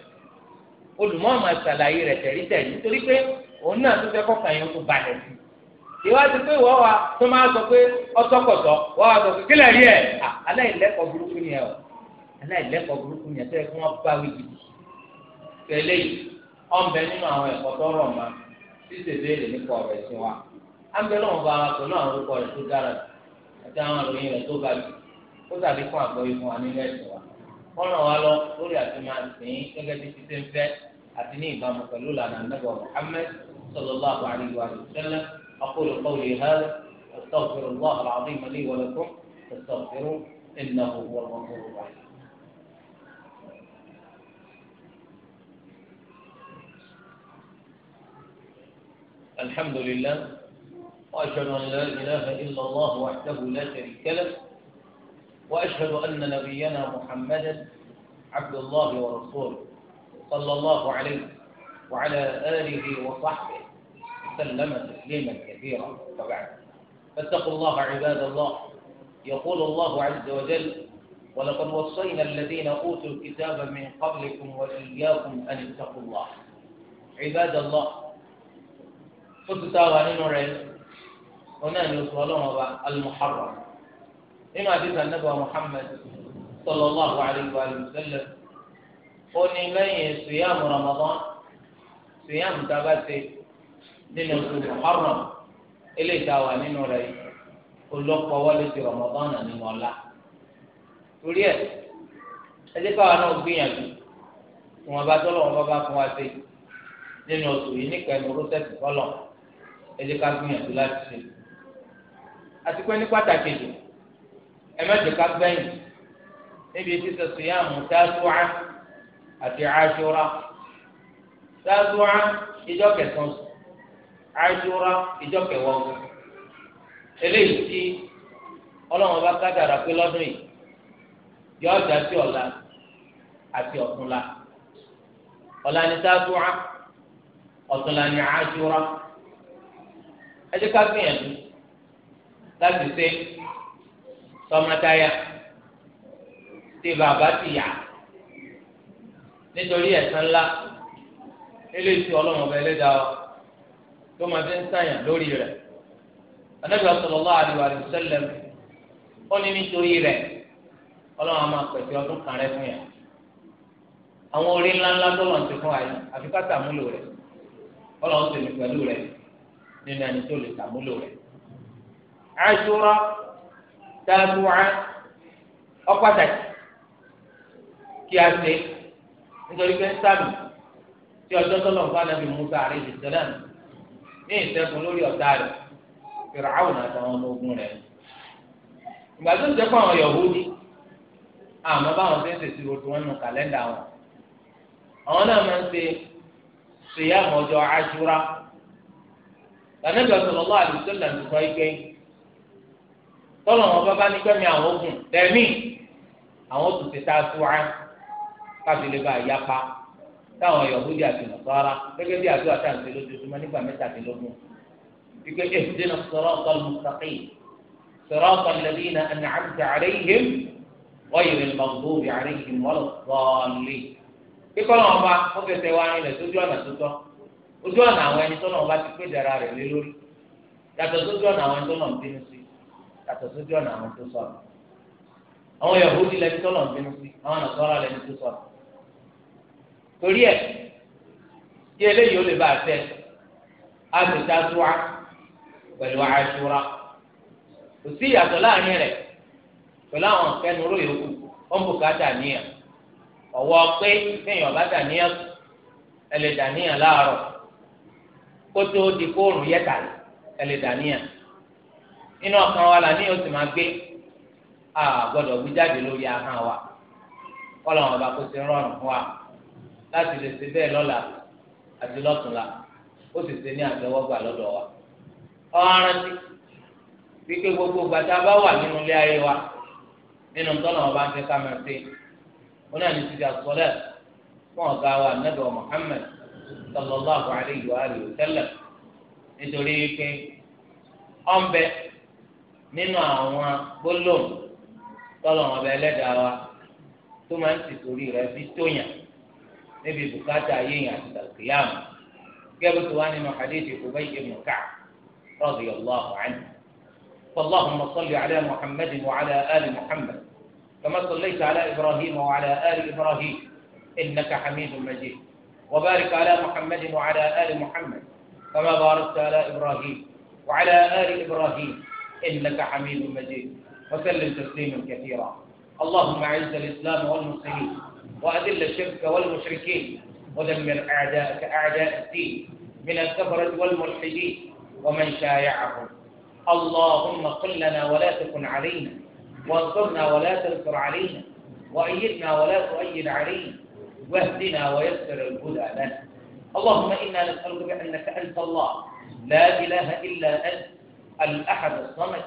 olùmọ̀ọ́mọ̀ àṣàlàyé rẹ̀ tẹ̀lé tẹ̀lé nítorí pé òun náà tó fẹ́ kọ́kàn yẹn tó balẹ̀ sí i ìwádìí pé ìwọ wa tó máa sọ pé ọtọkọtọ wọ́n wa sọ pé kílẹ̀ rí ẹ̀ aláìlẹ́kọ̀ọ́ burúkú ni ẹ̀ o aláìlẹ́kọ̀ọ́ burúkú ni ẹ̀ tẹ́ kí wọ́n bá wí gidi tẹ̀lé yìí ọ̀nbẹ nínú àwọn ẹ̀kọ́ tó rọ̀ ma ṣíṣe béèrè nípa ọ̀rọ̀ ẹ̀sìn wa àǹbẹ̀ náà bá wa pẹ̀lú àwọn orúkọ rẹ̀ tó dára àti àwọn àròyìn rẹ̀ tó ga jù ó sàbí fún àgbọ̀yé fún wa nílẹ̀ ẹ̀sìn wa wọ́n ràn wá lọ lórí àti máa sìn ín gẹ́gẹ́ bí títí ń fẹ́ أتني إمام صلوا لنا النبي محمد صلى الله عليه وآله وسلم أقول قولي هذا أستغفر الله العظيم لي ولكم فاستغفروه إنه هو الغفور الرحيم الحمد لله وأشهد أن لا إله إلا الله وحده لا شريك له وأشهد أن نبينا محمدا عبد الله ورسوله صلى الله عليه وعلى آله وصحبه سلم تسليما كثيرا وبعد فاتقوا الله عباد الله يقول الله عز وجل ولقد وصينا الذين أوتوا الكتاب من قبلكم وإياكم أن اتقوا الله عباد الله فتتاوى ننرى هنا يصلون المحرم لما حديث النبي محمد صلى الله عليه وآله وسلم ó ní lẹ́yìn sùyàmù Ramadan sùyàmù tábà ṣe nínú oṣù Muharram eléyìí tá a wà nínú rẹ̀ olóko wọlé ti Ramadan náà nínú ọlá torí ẹ ẹ jẹ́ káwa náà gbìyànjú ìwọ̀n bá tọ́lọ̀ wọn bá bá fún wa ṣe nínú oṣù yìí nípa ẹnu rọ́sẹ̀tì kọ́lọ̀ ẹ gbìyànjú láti ṣe àti pé ní pàtàkì jù ẹ mẹ́jọ ká gbẹ̀yìn níbi títọ́ sùyàmù tá a tó wá àti àṣúra ṣáàtúwá ìjọ kẹsàn àṣúra ìjọ kẹwàá eléyìí tí ọlọ́run bá kádàrà pé lọ́dún yìí yọ ọjà sí ọ̀la àti ọ̀túnla ọ̀la ni ṣáàtúwá ọ̀túnla ni àṣúra ẹ jẹ́ ká gbìyànjú láti ṣe tọmọtaya tí bàbá ti yà nítorí ẹ̀san ńlá eléyìí ọlọ́run ọba ẹlẹ́dàá wa tó máa fi ń sàyàn lórí rẹ̀ anábì sallallahu alaihi wa sallam ó ní nítorí rẹ̀ ọlọ́run máa pèsè ọdún kan rẹ̀ fún yà àwọn orí ńláńlá tó lọ́n ti fún àfi ká sàmúlò rẹ̀ sì ní pẹ̀lú rẹ̀ nínú ẹni tó lè sàmúlò rẹ̀ kí a ṣe. nítorí pé ń sàmì tí ọjọ́ tọ́lọ̀ ń bá nàbì Musa alayhi salam ní ìṣẹ́gun lórí ọ̀tá rẹ̀ Fir'aun àtàwọn ọmọ ogun rẹ̀ ìgbà tó ń jẹ́ pé àwọn Yahudi àmọ́ báwọn ṣe ń ṣèṣì ro tiwọn nù kàlẹ́ndà wọn àwọn náà máa ń ṣe ṣèyàmù ọjọ́ Àṣúrà lànàbì sallallahu alaihi wasallam ike tọ́lọ̀ wọn bá bá ní àwọn ogun tẹ̀mí àwọn tó ti ta sùn á káfí lè bá yapa táwọn yọ̀húdì àti nàkọ́ra gẹ́gẹ́ bí àdúrà tá à ń ṣe lójoojúmọ́ nígbà mẹ́tàdínlógún wípé ehdina sirata al-mustaqim sirata alladhina an'amta alayhim ghayri al-maghdubi alayhim walad-dallin kíkọ́ náà ọba ó fẹsẹ̀ wá nílẹ̀ sójú ọ̀nà tó ojú ọ̀nà àwọn ẹni tó náà ọba ti pé dára rẹ̀ lé lórí yàtọ̀ sójú ọ̀nà àwọn tó náà ń bínú sí yàtọ̀ sójú ọ̀nà àwọn tó sọ̀rọ̀ àwọn yahudi torí ẹ̀ kí eléyìí ó lè bá a tẹ àtúntà tóa pẹ̀lú àṣùrà kò sí ìyàtọ̀ láàrin rẹ̀ pẹ̀lú àwọn kẹnuró yòókù wọn bò ká dàníyàn ọwọ́ pé kéèyàn bá dàníyàn dàníyàn kótó di kóòrùn yẹta la máa gbé a gbé jáde lórí wa kọlọ wọn bá kó sí rọrùn fún láti lè ṣe bẹ́ẹ̀ lọ́la àti lọ́túnla ó sì ṣe ní àtẹ́wọ́gbà lọ́dọ̀ wa. ọ̀ràn ti wípé gbogbo gbàtà bá wà nínú ilé ayé wa nínú tọ́nà ọba ń fẹ́ ká máa ṣe ó náà ní títí àsọlẹ̀ fún ọ̀gá wa nẹ́bẹ̀ Muhammad sallallahu alayhi wa alihi wa nítorí pé ọ̀nbẹ nínú àwọn gbólóhùn tọ́nà ọba ẹlẹ́dàá wa tó máa ń tìtorí rẹ̀ bí tóyàn. níbi bùkátà yéèyàn àti tàlùkìyàmù gẹ́gẹ́ bó ti wá nínú hadithi Ubay ibn Ka'b radiyallahu anhu فاللهم صل على محمد وعلى آل محمد كما صليت على إبراهيم وعلى آل إبراهيم إنك حميد مجيد وبارك على محمد وعلى آل محمد كما باركت على إبراهيم وعلى آل إبراهيم إنك حميد مجيد وسلم تسليما كثيرا اللهم أعز الإسلام والمسلمين وأذل الشرك والمشركين ودمر أعداءك أعداء الدين من الكفرة والملحدين ومن شايعهم اللهم قل لنا ولا تكن علينا وانصرنا ولا تنصر علينا وأيدنا ولا تؤيد علينا واهدنا ويسر الهدى لنا اللهم إنا نسألك بأنك أنت الله لا إله إلا أنت الأحد الصمد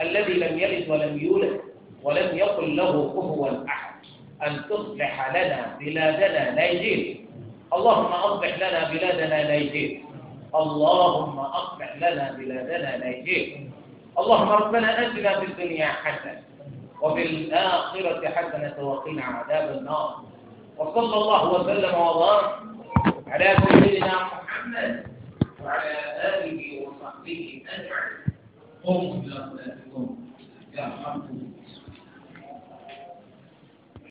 الذي لم يلد ولم يولد ولم يقل له كفوا أحد أن تصلح لنا بلادنا نيجير اللهم أصلح لنا بلادنا نيجير اللهم أصلح لنا بلادنا نيجير اللهم ربنا أتنا في الدنيا حسنة وفي الآخرة حسنة وقنا عذاب النار وصلى الله وسلم وبارك على سيدنا محمد وعلى آله وصحبه أجمعين قوموا إلى صلاتكم يرحمكم